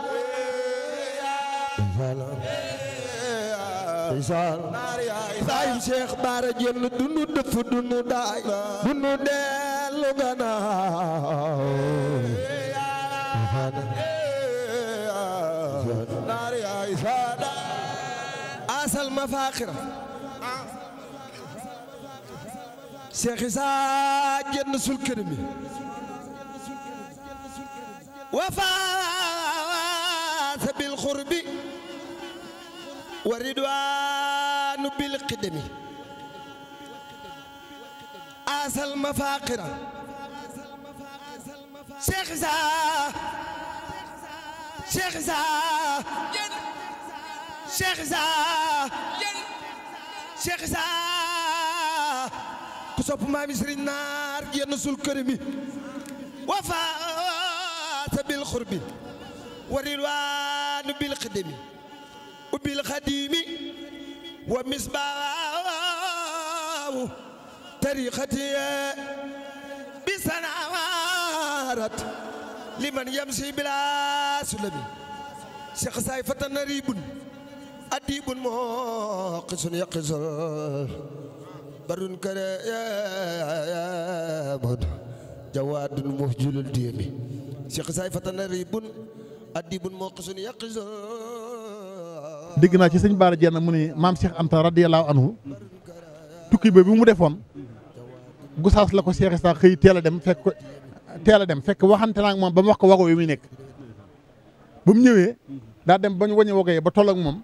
asal ma faaxira Cheikh Issa Diène sul وفاز بالقرب والرضوان بالقدم آسى المفاقر شيخ سا شيخ سا شيخ سا شيخ سا ku sopp maami Sëriñ Naar génn sul kër mi wafa xaasa bil xurbi wa rilwaanu bil xidimi ubil xadimi wa misbaawu tariqati bi sanaarat liman yamsi bilaa sulami Cheikh Saay fatan riibun adibun muqisun yaqisul barun kare yaabud jawaadun muhjulul diyami Cheikh Saay Fatana ribun adibun moo xusun yaqiso dégg naa ci sëñ Baara na mu ne maam Cheikh Anta radiyallahu anhu tukki ba bi mu defoon Gosaas la ko Cheikh Issa xëy teel a dem fekk ko a dem fekk waxante naa ak moom ba mu wax ko wago yi muy nekk ba mu ñëwee daa dem ba ñu wañe wago yi ba toll ak moom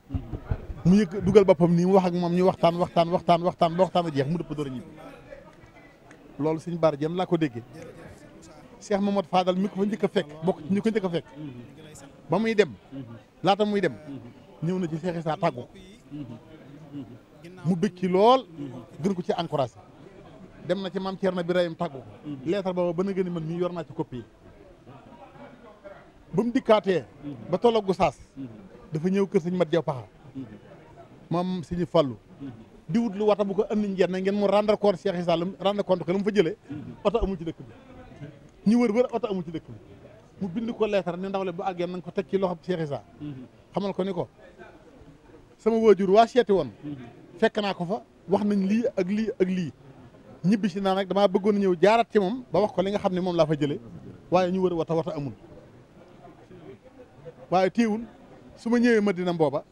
mu yëg dugal boppam nii mu wax ak moom ñu waxtaan waxtaan waxtaan waxtaan ba waxtaan a jeex mu dëpp door a ñibbi loolu sëñ Baara Jenn laa ko déggee Cheikh Mamadou Fadal mi ko fa njëkk a fekk bokk ci ñi ko njëkk a fekk ba muy dem laata muy dem ñëw na ci Cheikh Issa tàggu mu bëgg ci lool gën ko ci encouragé dem na ci maam Thierno Birahim tàggu ko leetar booba ba na gën a mën mii yor naa ci copie ba mu dikkaatee ba tolloog gu saas dafa ñëw kër sëñ Mat Jaw Paxa moom sëñ Fallu di lu wata bu ko andi njëriñ ngeen mu rendre compte Cheikh Issa rendre compte mu fa jëlee oto amul ci dëkk bi ñu wër wër oto amul ci dëkk bi mu bind ko leetar ne ndaw le bu àggee na ko teg ci loxo Cheikh Issa xamal ko ni ko sama waajur waa seeti woon fekk naa ko fa wax nañ lii ak lii ak lii ñibbi si naa nag damaa bëggoon ñëw jaarat ci moom ba wax ko li nga xam ne moom laa fa jëlee waaye ñu wër woto wata amul waaye téewul su ma ñëwee Madina mbooba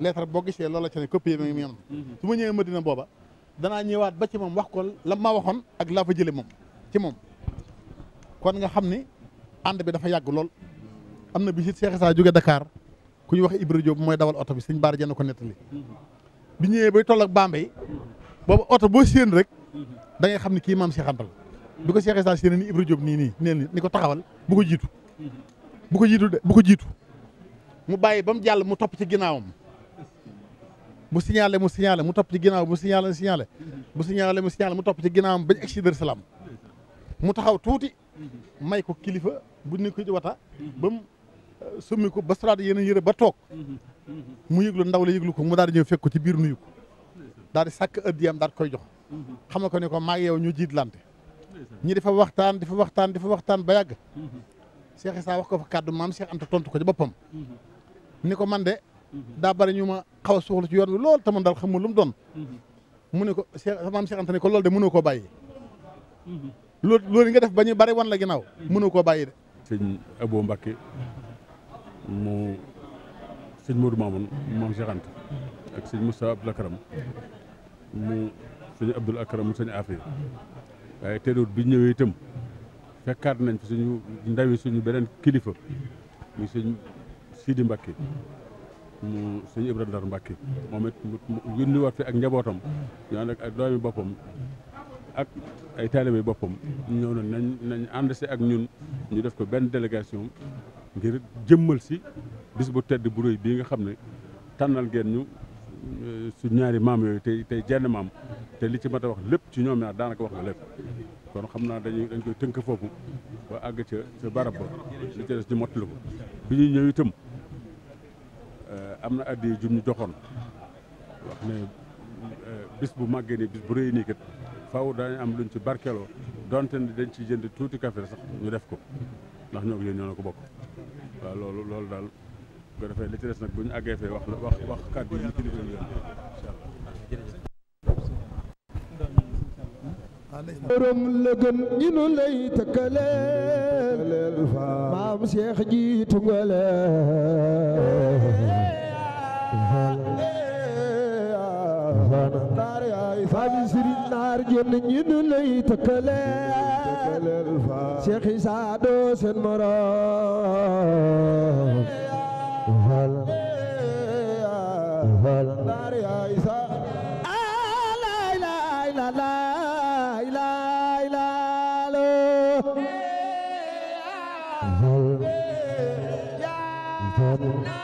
lettre boo gisee loola ci ne copier mi ngi am su ma ñëwee Madina booba danaa ñëwaat ba ci moom wax ko la ma waxoon ak laa fa jëlee moom ci moom kon nga xam ni ànd bi dafa yàgg lool am na bi si Cheikh saa jóge dakaar ku ñu wax Ibra Diop mooy dawal oto bi sëñ Baara jënd ko nettali bi ñëwee bay toll ak Bambey boobu oto boo séen rek da xam ni kii maam Cheikh Anta bi ko Cheikh Issa séen ni Ibra Diop nii nii neen ni ko taxawal bu ko jiitu bu ko jiitu de bu ko jiitu mu bàyyi ba mu jàll mu topp ci ginnaawam mu signalé mu signalé mu topp ci ginnaaw mu signalé mu signalé mu mu signalé mu topp ci ginnaawam bañ egsi Dar taxaw tuuti may ko kilifa bu ne ko ci wata ba mu euh, summi ko ba solaat yeneen yëre ba toog mu yëglu ndaw la yëglu ko mu daal di ñëw fekk ko ci biir nuyu ko daal di sàkk ëddiyam daal koy jox xam ko ne ko maag yow ñu jiitlante ñi dafa waxtaan dafa waxtaan dafa waxtaan ba yàgg Cheikh Issa wax ko fa kàddu maam Cheikh Anta tontu ko ci boppam ni ko man de daa bari ñu ma xaw a suuxlu ci yoon wi lool te man daal xamul lu mu doon mu ne ko Cheikh maam Cheikh ne ko loolu de mënoo koo bàyyi loolu loolu nga def ba ñu bari wan la ginnaaw mënu koo bàyyi de. sëñ Abo mbakki mu sëñ Modou Mamoun moom Cheikh Anta ak sëñ Moussa Abdoul Akram mu sëñ Abdoul Akram mu sëñ Afia bi ñëwee itam fekkaat nañ fi suñu ndawi suñu beneen kilifa mu sëñ Sidi Mbakke mu sëñ Ibrahima Dar Mbakke moom it mu yónniwaat fi ak njabootam ñu ànd ak doomi boppam. ak ay taalibe boppam ñëw na nañ nañ ànd si ak ñun ñu def ko benn délégation ngir jëmmal si bis bu tedd bu rëy bii nga xam ne tànnal ngeen ñu euh, su ñaari maam yooyu tey tey jenn maam te li ci mat a wax lépp ci ñoom ñaar daanaka wax na lépp kon xam naa dañuy dañ koy tënk foofu ba àgg ca ca barab ba li ca des ñu mottali ko bi ñuy ñëw euh, am na addi jum ñu joxoon wax ne euh, bis bu màggee nii bis bu rëy nii kat faw danañ am luñ ci barkeloo donte ni dañ ci jënd tuuti café sax ñu def ko ndax ñoo yéen ñoo na ko bokk waa loolu loolu daal ko defee li ci des nag bu ñu àggee fee wax wax wax kàddu yi kilifa yi borom nu lay tëkkaleel maam Cheikh jiitu nga leen daana naar yaay faami sëriñ naar génn ñi nu lay tëkkaleel Cheikh Issa doo seen moroom voilà voilà naar yaay sa alay lay la lay lay lalo voilà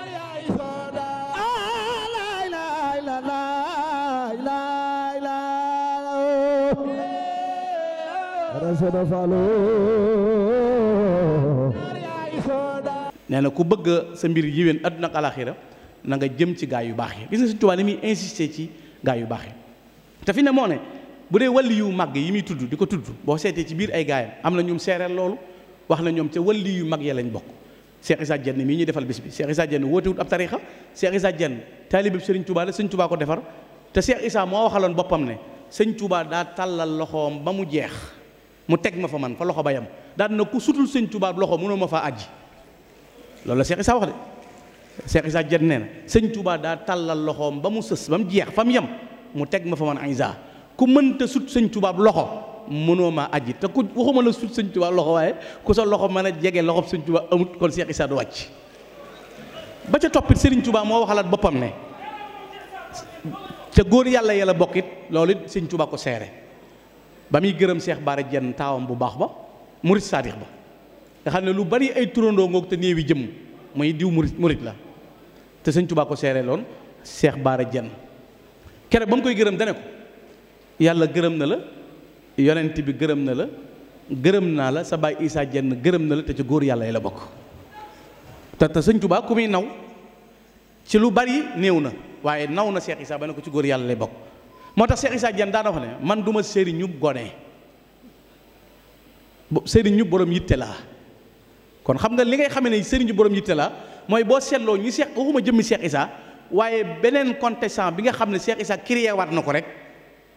nee na ku bëgg sa mbir yiwén adduna ak alaxira na nga jëm ci gaa yu baax yi gis nga Sëñ Tuubaa ni muy insister ci gaa yu baax yi te fi ne moo ne bu dee wàlli yu màgg yi muy tudd di ko tudd boo seetee ci biir ay gaayam am na ñoom seereel loolu wax na ñoom ca wàlli yu mag ya lañ bokk Cheikh Issa Diène mii ñuy defal bis bi Cheikh Issa Diène wootewut ab tariixa Cheikh Issa Diène taalibe Sëriñ Tuubaa la ko defar te Cheikh Issa moo waxaloon boppam ne Sëñ Tuubaa daa tàllal loxoom ba mu jeex mu teg ma fa man fa loxo ba yam daan na ku sutul sëñ Tuubaa loxo mënoo ma fa àjji loolu la Cheikh Issa wax de Cheikh Issa Dieng nee na sëñ Tuubaa daa tàllal loxoom ba mu sës ba mu jeex fa mu yem mu teg ma fa man Isa ku mënta sut sëñ tubaab loxo mënoo ma àjji te ku waxuma la sut sëñ Tuubaa loxo waaye ku sa loxo mën a jege loxo sëñ Tuubaa amut kon Cheikh Issa du wàcc ba ca toppit Serigne Touba moo waxalaat boppam ne ca góor yàlla yàlla bokkit loolu it Serigne Touba ko seere ba muy gërëm Cheikh Bara jenn taawam bu baax ba murit saadix ba nga xam ne lu bari ay turandoo ngoog te néewi jëm mooy diw murit murit la te sëñ Tuubaa ko seeree loon Cheikh Bara Diène kere ba mu koy gërëm dane ko yàlla gërëm na la yonent bi gërëm na la gërëm naa la sa baay Isaa jenn gërëm na la te ci góor yàlla yi la bokk te te sëñ Tuubaa ku muy naw ci lu bari néew na waaye naw na Cheikh Isaa ba ne ko ci góor yàlla lay bokk moo tax Cheikh isaa Diène daana ne man du ma sëriñu gone sëriñu boroom yitte la kon xam nga li ngay xame ne sëriñu borom yitte la mooy boo seetloo ñi Cheikh waxuma jëmmi Cheikh Issa waaye beneen contestant bi nga xam ne Cheikh Issa créé waat na ko rek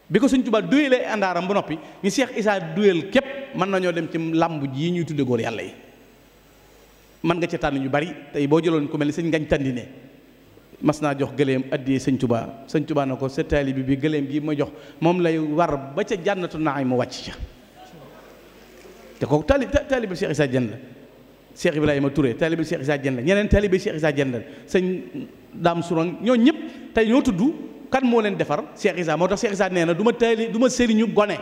bi ko suñ Tuubaa duyelee àndaaram ba noppi ñi Cheikh Issa duyel képp mën nañoo dem ci làmb ji ñuy tudde góor yàlla yi mën nga ca tànn ñu bari tey boo jëloon ku mel ni sëñ ngañ tàndine mas naa jox gëléem addiyee sëñ tubaa sëñ tubaa na ko sa taalibi bi gëléem gi ma jox moom lay war ba ca jànnatu naay mu wàcc ca te kooku taali taalibi Cheikh la Cheikh Ibrahima Touré taalibi Cheikh Issa Diène la ñeneen taalibi Cheikh Issa Diène sëñ daam suran ñoo ñëpp tey ñoo tudd kan moo leen defar Cheikh Issa moo tax Cheikh nee na duma ma taali du ma sëriñu gone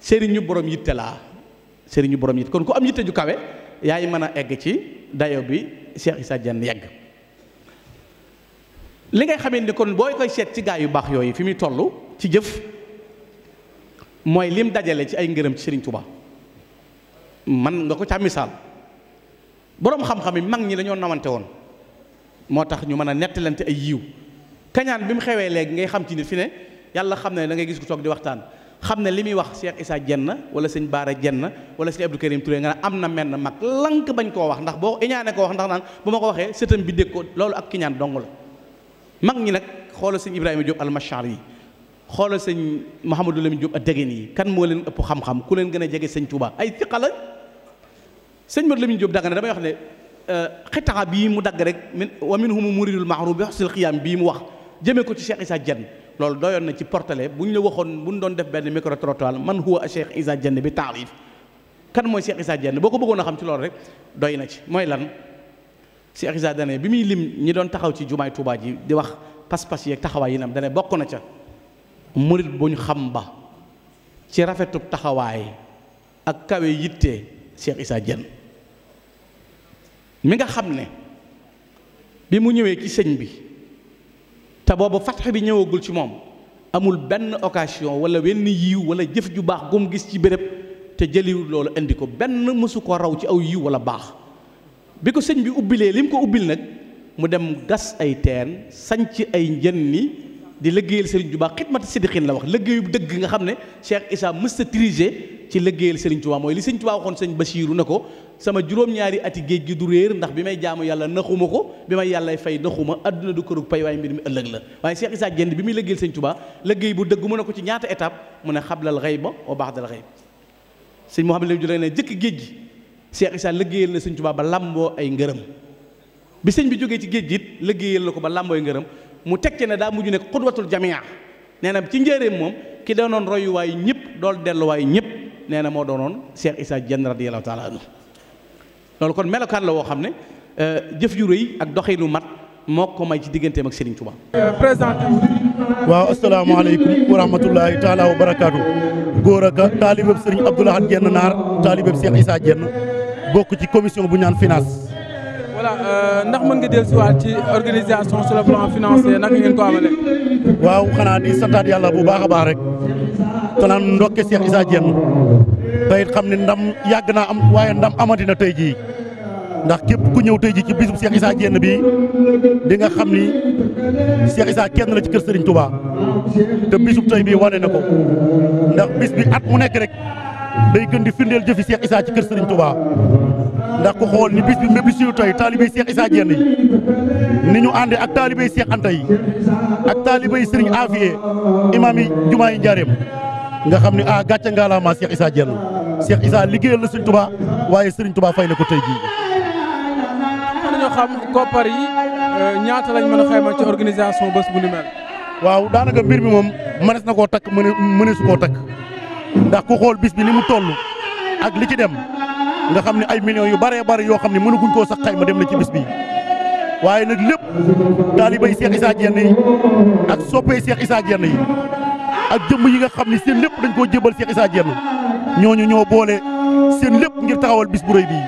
sëriñu borom yitte laa sëriñu borom yitte kon ku am yitte ju kawe yaay mën a egg ci dayo bi Cheikh Issa Diène yegg li ngay xamee ni kon booy koy seet ci gaa yu baax yooyu fi muy tollu ci jëf mooy lim dajale ci ay ngërëm ci Sëriñ Tuubaa man nga ko ca misaal boroom xam-xam yi mag ñi dañoo nawante woon moo tax ñu man a nettalante ay yiw kañaan bi mu xewee léegi ngay xam ci nit fi ne yàlla xam ne da ngay gis ku toog di waxtaan xam ne li muy wax Cheikh Issa jenn wala sëñ Baara jenn wala sëñ Abdou Karim Touré nga ne am na menn mag lank bañ koo wax ndax boo iñaane ko wax ndax naan bu ma ko waxee sëtam bi dégg loolu ak kiñaan dong la mag ñi nag xoolal sëñ Ibrahima Diop almachar yi xoolal sëñ Mouhamadou Lamine Diop ak degen yi kan moo leen ëpp xam-xam ku leen gën a jege sëñ Touba ay fiqa la sëñ Modou Lamine Diop dagg na damay wax ne euh, xitaa bii mu dagg rek min wa minhum muridul maaruf bi xasil xiyaam bii mu wax jëmee ko ci Cheikh Issa Diagne loolu doyoon na ci portale bu ñu la waxoon bu ñu doon def benn micro trottoir man huwa Cheikh Issa Diagne bi taarif kan mooy Cheikh Issa Diagne boo ko bëggoon a xam ci loolu rek doy na ci mooy lan Cheikh Issa dane bi muy lim ñi doon taxaw ci jumaay Touba ji di wax pas-pas yeeg taxawaay yi nam dane bokk na ca murit bu ñu xam ba ci rafetub taxawaay ak kawe yitte Cheikh Issa Diène mi nga xam ne bi mu ñëwee ci sëñ bi te booba fatx bi ñëwagul ci moom amul benn occasion wala wenn yiw wala jëf ju baax gum gis ci béréb te jëliwul loolu indi ko benn mësu ko raw ci aw yiw wala baax bi ko sëñ bi ubbilee li mu ko ubbil nag mu dem gas ay teen sanc ay njën ni di liggéeyal Serigne Touba xidmata siddiqin la wax liggéeyu dëgg nga xam ne Cheikh Issa mësta triger ci liggéeyal Serigne Touba mooy li Serigne Touba waxoon sëñ Basiiru na ko sama juróom-ñaari ati géej gi du réer ndax bi may jaamu yàlla naxuma ko bi may yàllay fay naxuma adduna du kërug pay waaye mbir mi ëllëg la waaye Cheikh Issa Diène bi muy liggéeyal Serigne Touba liggéey bu dëgg mu ne ko ci ñaata étape mu ne xablal xëy ba baax dal xëy sëñ Mouhamed Lamine jëkk géej gi Cheikh isaa liggéeyal na sëñ Tuubaa ba làmboo ay ngërëm bi sëñ bi jógee ci géej gi it liggéeyal na ko ba làmboo ay ngërëm mu teg ci ne daa mujj nekk xudwatul jamia nee na ci njëreem moom ki doonoon royuwaayu ñëpp dool delluwaay ñëpp nee na moo doonoon Cheikh jenn Diène radiyallahu taala anhu loolu kon melokaan la woo xam ne euh, jëf yu rëy ak doxinu lu mat moo ko may ci digganteem ak Serigne Touba. présenté waaw asalaamaaleykum wa rahmatullahi taala wa barakaatu. góor ak taalibeeb Serigne Abdoul Ahad Diène naar taalibeeb Cheikh Issa bokk ci commission bu ñaan finance. Euh, ndax mën nga dellusiwaat ci organisation sur le plan financier naka ngeen ko amalee. waaw xanaa di santaat yàlla bu baax a baax rek. te naan ndokke Cheikh Issa Dieng tey xam ne ndam yàgg naa am waaye ndam amati na tey jii ndax képp ku ñëw tey ji ci bisub Cheikh Issa Dieng bi di nga xam ni Cheikh Issa kenn la ci kër Serigne Touba te bisub tey bii wane na ko ndax bis bi at mu nekk rek. day gën di firndeel jëfi Cheikh Issa ci kër Serigne Touba ndax ku xool ni bis bi mébbi siyu tey taalibey Cheikh Issa ni ñu ànde ak taalibey Cheikh Anta yi ak taalibey Serigne Afiyé imaam yi jumaa nga xam ne ah gàcce ngaalaamaa Cheikh Issa Diène Cheikh Issa liggéeyal la Serigne Touba waaye Serigne Touba fay na ko tey jii. dañoo xam koppar euh, ñaata lañ mën a xayma ci organisation bés bu ni mel. waaw daanaka mbir mi moom mënees na koo takk mëneesu koo takk. ndax ku xool bis bi li mu toll ak li ci dem nga xam ne ay millions yu bëree bëri yoo xam ne mënaguñ koo sax xayma dem na ci bis bi waaye nag lépp taalibay Cheikh Issa Diène yi ak soppee Cheikh Issa Diène yi ak jëmm yi nga xam ne seen lépp dañ koo jébal Cheikh Issa Diène ñooñu ñoo boole seen lépp ngir taxawal bis bu rëy bii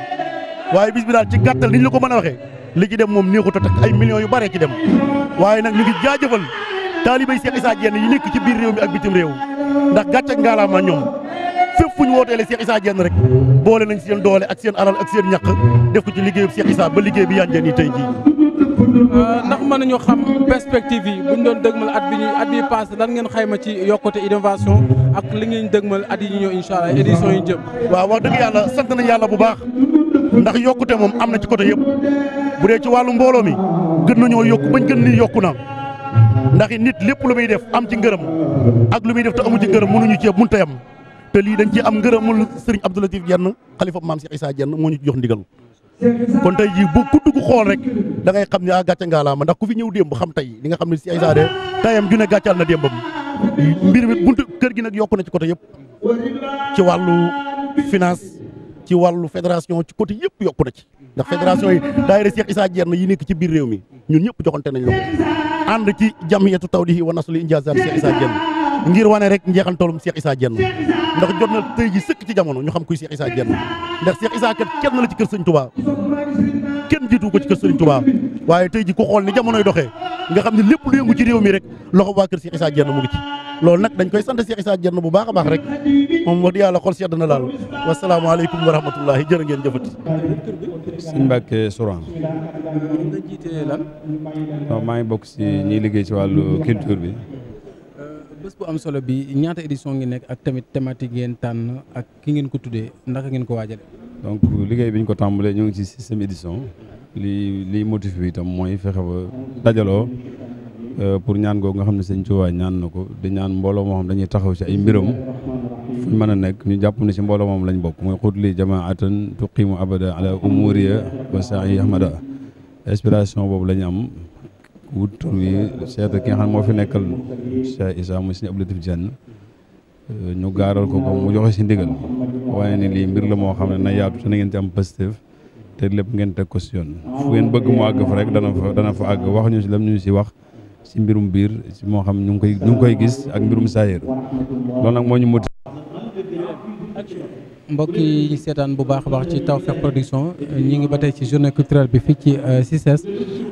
waaye bis bi daal ci gàttal niñ la ko mën a waxee li ci dem moom neexut a takk ay millions yu bëree ci dem waaye nag ñu ngi jaajëfal taalibay Cheikh Issa Diène yi nekk ci biir réew mi ak bitim ndax gàcce ak ngaalaama ñoom fépp fu ñu wootee Cheikh Issa Diène rek boole nañ seen doole ak seen alal ak seen ñàq def ko ci liggéeyub Cheikh Issa ba liggéey bi yanjeen yi tey jii. Euh, ndax mën nañu xam perspective yi bu ñu doon dëgmal at bi ñuy at bi passé lan ngeen xayma ci yokkute innovation ak li ngeen dëgmal at yi ñu ñëw incha allah édition yi jëm. waaw wax dëgg yàlla sant nañ yàlla bu baax ndax yokkute moom am na ci côté yëpp bu dee ci wàllu mbooloo mi gën nañoo yokku bañ gën ni yokku na ndax nit lépp lu may def am ci ngërëm ak lu muy def te amu ci ngërëm mënuñu cee munta yam te lii dañ ci am ngërëmul sëriñ Abdou Latif Jenn xalifa maam Cheikh Issa Jenn moo ñu jox ndigal kon tey jii bu ku dugg xool rek da ngay xam ne ah gàcce ngaalaama ndax ku fi ñëw démb xam tey li nga xam ne si Issa de tayam ju ne gàccaal na démbam mbir mi buntu kër gi nag yokku na ci côté yëpp ci wàllu finance ci wàllu fédération ci côté yëpp yokku na ci ndax fédération yi daayira Cheikh i Diène yi nekk ci biir réew mi ñun ñëpp joxante nañ la ko ànd ci jamiyatu tawdihi wa nasli injazat Cheikh Issa Diène ngir wane rek njeexantalum Cheikh Issa Diène ndax jot na tey ji sëkk ci jamono ñu xam kuy Cheikh Issa Diène ndax Cheikh Issa kat la ci kër Sëriñ Touba kenn jiitu ko ci kër Sëriñ Touba waaye tey ji ku xool ni jamonoy doxee nga xam ne lépp lu yëngu ci réew mi rek loxo waa kër Cheikh Issa Diène mu ngi ci loolu nag dañ koy sant Cheikh Issa Diène bu baax baax rek moom wax di yàlla xol sedd na laal wasalaamaaleykum wa rahmatullahi jërë ngeen jëfati sëñ Mbàkke Sourang nga jiite lan maa ngi bokk si ñiy liggéey ci wàllu culture bi bés bu am solo bi ñaata édition ngi nekk ak tamit thématique ngeen tànn ak ki ngeen ko tuddee ndaka ngeen ko waajale donc liggéey bi ñu ko tàmbalee ñoo ngi ci sixième édition li li motif bi tam mooy fexe ba dajaloo euh, pour ñaan googu nga xam ne sëñ Tuubaa ñaan na ko di ñaan mbooloo moo xam dañuy taxaw ci ay mbiram fu mën a nekk ñu jàpp ne ci mbooloo moom lañ bokk mooy xutli jamaatan tuqimu abada ala umuriya wa sa'i ahmada inspiration boobu la am wut tur wi seet ki xam moo fi nekkal Cheikh Issa mu Sëriñ Abdou ñu gaaral ko ko mu joxe si ndigal waaye ni lii mbir la moo xam ne na yaatu te na ngeen ci am positif te lépp ngeen teg ko si yoon fu ngeen bëgg mu àgg fa rek dana fa dana fa àgg wax ñu si lam ñu si wax si mbirum biir si moo xam ñu ngi koy ñu koy gis ak mbirum saayir loolu nag moo ñu moti mbokk yi seetaan bu baax a baax ci Tawfekh Production ñi ngi ba tey ci journée culturelle bi fii ci euh, CICES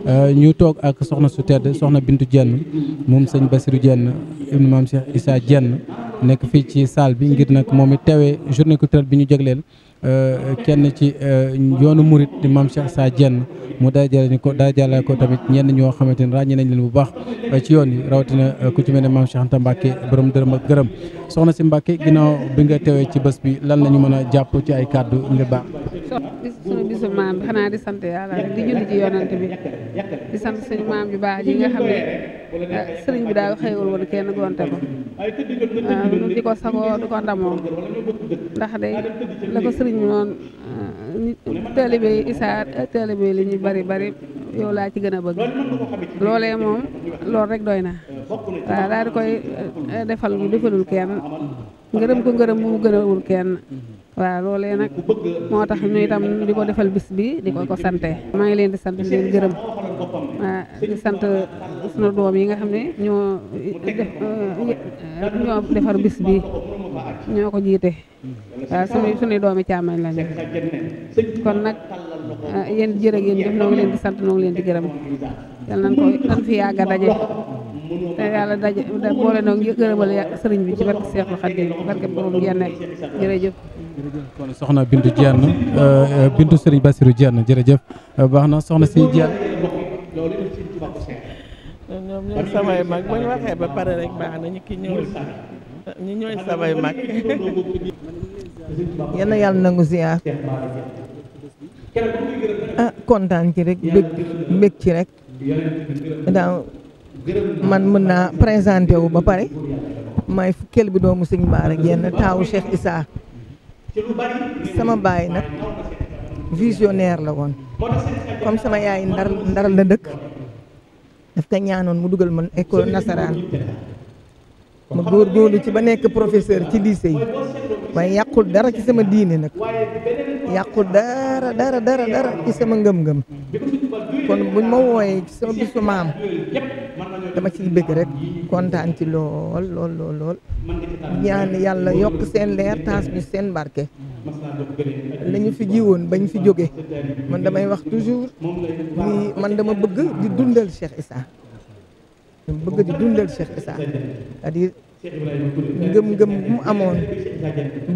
euh, ñu toog ak soxna su tedd soxna Bintu Dieng moom sëñ Bassirou Dieng ibnu maam Cheikh Issa Dieng nekk fii ci salle bi ngir nag moom it teewee journée culturelle bi ñu jagleel Euh, kenn ci euh, yoonu murit di maam Cheikh Sa Diène mu dajale ni ko dajale ko tamit ñenn ñoo xamante ni ràññee nañ leen bu baax euh, ci yoon yi rawatina ku ci mel ne maam Cheikh borom dërëm ak gërëm soxna si Mbacke ginnaaw bi nga teewee ci bés bi lan la ñu mën a jàpp ci ay kàddu ngir baax. sunu bisu maam bi xanaa di sant yàlla rek di julli ci yonent bi di sant suñu maam ju baax ji nga xam ne ah, sëriñ bi daal xëyul woon kenn gonte ko ah, di ko sagoo di ko ndamoo ndax day la ko sëriñ bi noonu ah, taalibe yi isaa taalibe li ñu bari bari yow laa ci gën a bëgg loolee moom loolu rek doy na waaw daal di koy eh, defal mu defalul kenn ngërëm ko ngërëm mu gënalul kenn waaw loolee nag moo tax ñu itam di ko defal bis bi di ko ko sante maa ngi leen di sant di leen gërëm waa di sant sunu doom yi nga xam ne ñoo euh, defar bis bi ñoo ko jiite waaw suñu suñu doomi càmmañ lañu kon nag euh, yéen jërë ngeen jëf noo ngi di sant noo leen di gërëm yal nañ ko nan fi yàgg a daje te yàlla daje boole noog gërëmal sëriñ bi ci barke Seexul Xadiim barke borom yenn jërëjëf soxna Bintu Dieng euh, Bintu Serigne Bassirou Dieng jërëjëf euh, baax na soxna si Dieng. samay mag bu pare rek baax na ñu ki ñëwul yal nangu ziar. ah kontaan ci rek bég bég ci rek. man mën naa présenté wu ba pare. may fukkeel bi doomu Sëñ Bara Dieng taawu Cheikh Issa. sama baay nag visionnaire la woon comme sama yaay ndar ndar la dëkk daf ko ñaanoon mu dugal man école nasaraan ma góor góorgóorlu ci ba nekk professeur ci lycée yi waaye yàqul dara ci sama diine nag yàqul dara dara dara dara ci sama ngëm-ngëm kon buñ ma wooyee ci sama bisu dama ciy bëgg rek kontaan ci lool lool lool lool ñaan yàlla yokk seen leer taas ñu seen barke lañu fi ji woon bañ fi jógee man damay wax toujours ni man dama bëgg di dundal Cheikh Issa dama bëgg di dundal Cheikh Issa cest gëm gëm mu amoon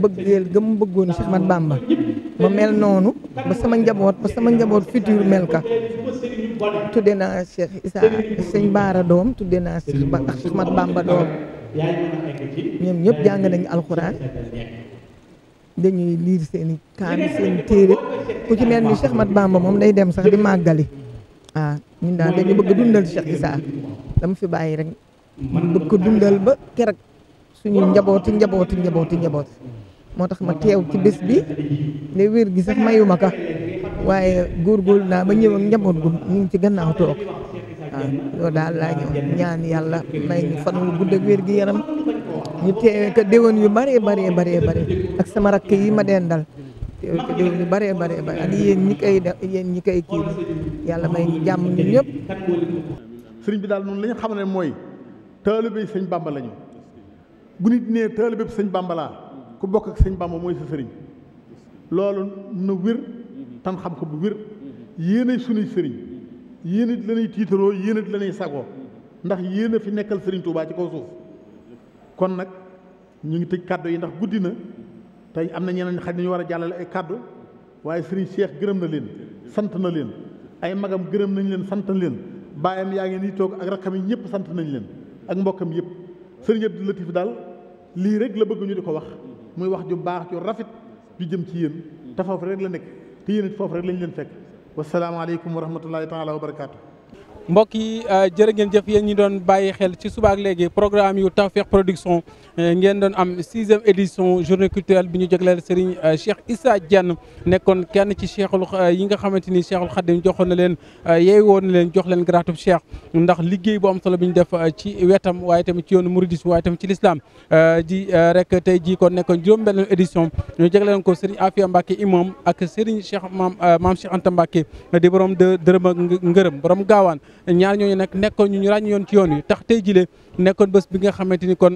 bëggeel gëm mu bëggoon Cheikh Ahmad Bamba ma mel noonu ba sama njaboot ba sama njaboot futur mel ka tudde naa Cheikh Issa sëñ Baara doom tudde naa Cheikh ba Cheikh Ahmad Bamba doom ñoom ñëpp jàng nañu alxuraan dañuy liir seen i seen téere ku ci mel ni Cheikh Ahmad Bamba moom day dem sax di màggali ah ñun daal dañu bëgg dundal Cheikh Issa dama fi bàyyi rek man ko dundal ba keroog suñu njabooti njaboot njabooti njabooti moo tax ma teew ci bés bi ne wér gi sax mayu ma ka waaye góor góorgóorlu naa ba ñëw ak njaboot gu ñu ngi ci gannaaw toog waaw loolu daal laa ñëw ñaan yàlla may ñu fan wu gudd ak wér gi yaram ñu teewee ko déwén yu bëree bëree bëree bëri ak sama rakk yi ma dendal teewee ko déwén yu bëree bëree bëri ak yéen ñi koy def yàlla may jàmm ñun ñëpp. sëriñ bi daal noonu la xam ne mooy. taalibe sëñ bàmba lañu bu nit nee taalibe bi sëñ bàmba laa ku bokk ak sëñ bàmba mooy sa sëriñ loolu na wér tan xam ko bu wér yéen yéenay sunuy sëriñ yéen it lañuy tiitaroo yéen it lañuy sagoo ndax yéen a fi nekkal sëriñ Touba ci kaw suuf kon nag ñu ngi tëj kàddu yi ndax guddi na tey am na ñeneen xaj nañu war a jàllale ay kàddu waaye sëriñ Cheikh gërëm na leen sant na leen ay magam gërëm nañ leen sant na leen baayam yaa ngi nii toog ak rakkam yi ñëpp sant nañ leen ak mbokkam yëpp sëriñ Abdou Latif daal lii rek la bëgg ñu di ko wax muy wax ju baax ju rafet ju jëm ci yéen te foofu rek la nekk te yéen it foofu rek lañ leen fekk wasalaamaaleykum wa rahmatullahi taala wa barakaatu. mbokk yi euh, jërë ngeen jëf yéen ñi doon bàyyi xel ci suba ak léegi programme yu Tawfekh Production euh, ngeen doon am sixième édition journée culturelle bi ñu jagleel Serigne euh, Cheikh Issa Diène nekkoon kenn ci cheikhul yi nga xamante ni Cheikhul Khadim joxoon na leen yeewoon na leen jox leen gratub cheikh ndax liggéey bu am solo bi ñu def ci wetam waaye tamit ci yoonu mouridisme waaye tamit ci l'islam di rek tey jii kon nekkoon juróom-benn édition ñu jagleen ko Serigne Afia Mbacke imam ak Serigne Cheikh maam maam Cheikh Anta Mbacke di borom dërëm ak ngërëm borom gaawaan ñaar ñooñu nag nekkoon ñu ñu ràññoon ci yoon yi tax tey jile nekkoon bés bi nga xamante ni kon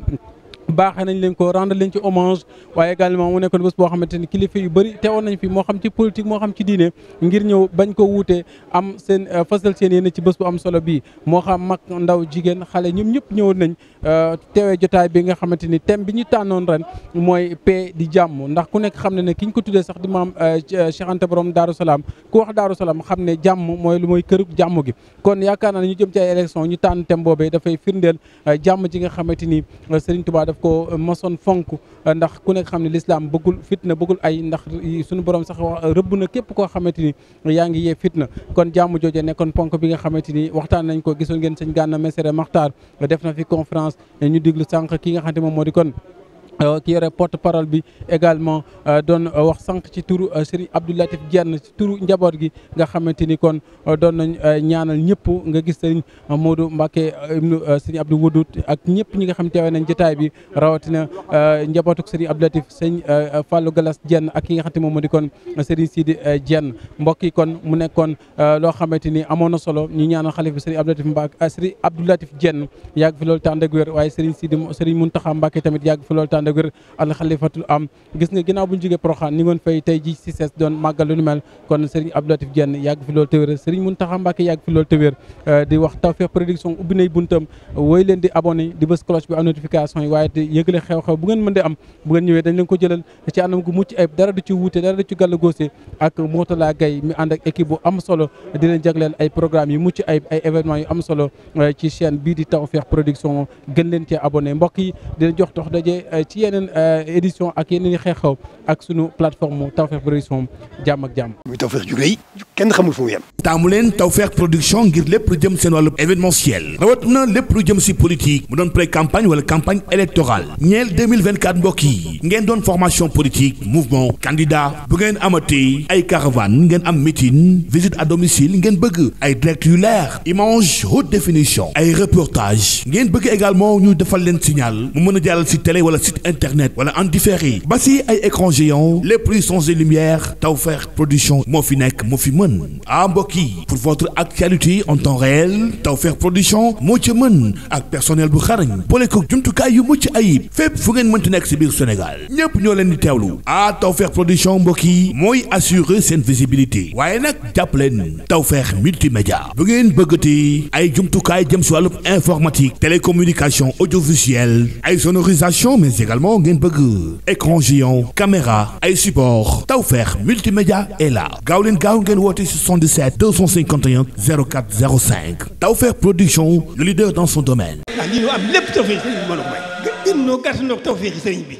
baaxee nañ leen ko rendre leen ci hommage waaye également mu nekkoon bés boo xamante ni kilifa yu bëri teewoon nañ fi moo xam ci politique moo xam ci diine ngir ñëw bañ ko wuute am seen euh, fasal seen yéene ci bés bu am solo bii moo xam mag ndaw jigéen xale ñoom ñëpp ñëwoon nañ euh, teewee jotaay bi nga xamante ni thème bi ñu tànnoon ren mooy paix di jàmm ndax ku nekk xam ne ne ki ñu ko tuddee sax di maam euh, Cheikh Anta Borom Daaru Salaam ku wax Daaru Salaam xam ne jàmm mooy lu mooy këru jàmm gi kon yaakaar naa ne ñu jëm ci ay élection ñu tànn thème boobee dafay firndeel jàmm ji nga xamante ni daf ko mosoon fonk ndax ku nekk xam ne lislaam bëggul fitna bëggul ay ndax sunu borom sax wax rëbb na képp koo xamante ni yaa ngi yee fitna kon jàmm jooje nekkoon ponk bi nga xamante ni waxtaan nañ ko gisoon ngeen sëñ Gana Messere Maxtaar def na fi conférence ñu diglu sànq ki nga xam xamante moom moo di kon ki euh, yore porte parole bi également euh, doon euh, wax sànq ci turu Serigne Abdou Latif Diène ci turu njaboot gi nga xamante ni kon doon nañ ñaanal ñëpp nga gis Serigne Modou Mbacké ibnu Serigne Abdou Wadoud ak ñëpp ñi nga xam teewe nañ jotaay bi rawatina njabootuk Serigne Abdou Latif Serigne Fallou Galas Diène ak ki nga xam te moom moo di kon Serigne Sidi Diène mbokk yi kon mu nekkoon loo xamante ni amoon na solo ñu ñaanal xalif bi Serigne Abdou Latif yàgg fi loolu tànd ak wér waaye Serigne Sidi Serigne Mountakha Mbacké tamit yàgg fi loolu tànd wér al xalifatul am gis nga ginnaaw bu ñu jógee ni ngoon fay tey ji si sees doon màggal lu nu mel kon Serigne Abdou Latif Diène yàgg fi loolu te wér Serigne Mountakha Mbacké yàgg fi loolu te euh, di wax Tawfekh Production ubbi nay buntam wooy leen di abonné di bës cloche bi am notification yi waaye di yëgle xew-xew bu ngeen mën di am bu ngeen ñëwee dañ leen ko jëlal ci anam gu mucc ayib dara du ci wuute dara du ci gàll goose ak Moutala Gaye mi ànd ak équipe bu am solo di leen ci yeneen euh, édition ak yeneen yi xew-xew ak sunu plateforme Tawfekh Production jàmm ak jàmm. muy Tawfekh ju kenn xamul fu mu yem. taamu leen Tawfekh Production ngir lépp lu jëm seen wàllu événementiel rawat na lépp lu jëm si politique mu doon pré campagne wala campagne électorale ñeel 2024 mbokk yi ngeen doon formation politique mouvement candidat bu ngeen amatee ay caravane ngeen am meeting visite à domicile ngeen bëgg ay direct yu leer image haute définition ay reportage ngeen bëgg également ñu defal leen signal mu mën a jàllal si télé wala internet wala en différé ba si ay écran les lépp luy son et lumière Tawfekh production moo fi nekk moo fi mën ah mbokk yi pour votre actualité en temps réel Tawfekh production moo ci mën ak personnel bu xarañ boole ko jumtukaay yu mucc ayib fépp fu ngeen mënti nekk si biir Sénégal ñépp ñoo leen di teewlu ah Tawfekh production mbokk yi mooy assurer seen visibilité waaye nag jàpp jàppaleen Tawfekh multimédia bu ngeen bëggati ay jumtukaay jëm si wàllu informatique télécommunication audiovisuelle ay sonorisation mais également ngeen bëgg écran géant caméra ay support Tawfekh multimédia est là gaaw leen gaaw ngeen woote 77 251 04 05 Tawfekh production le leader dans son domaine. Ah, am lépp Tawfekh sëriñ bi.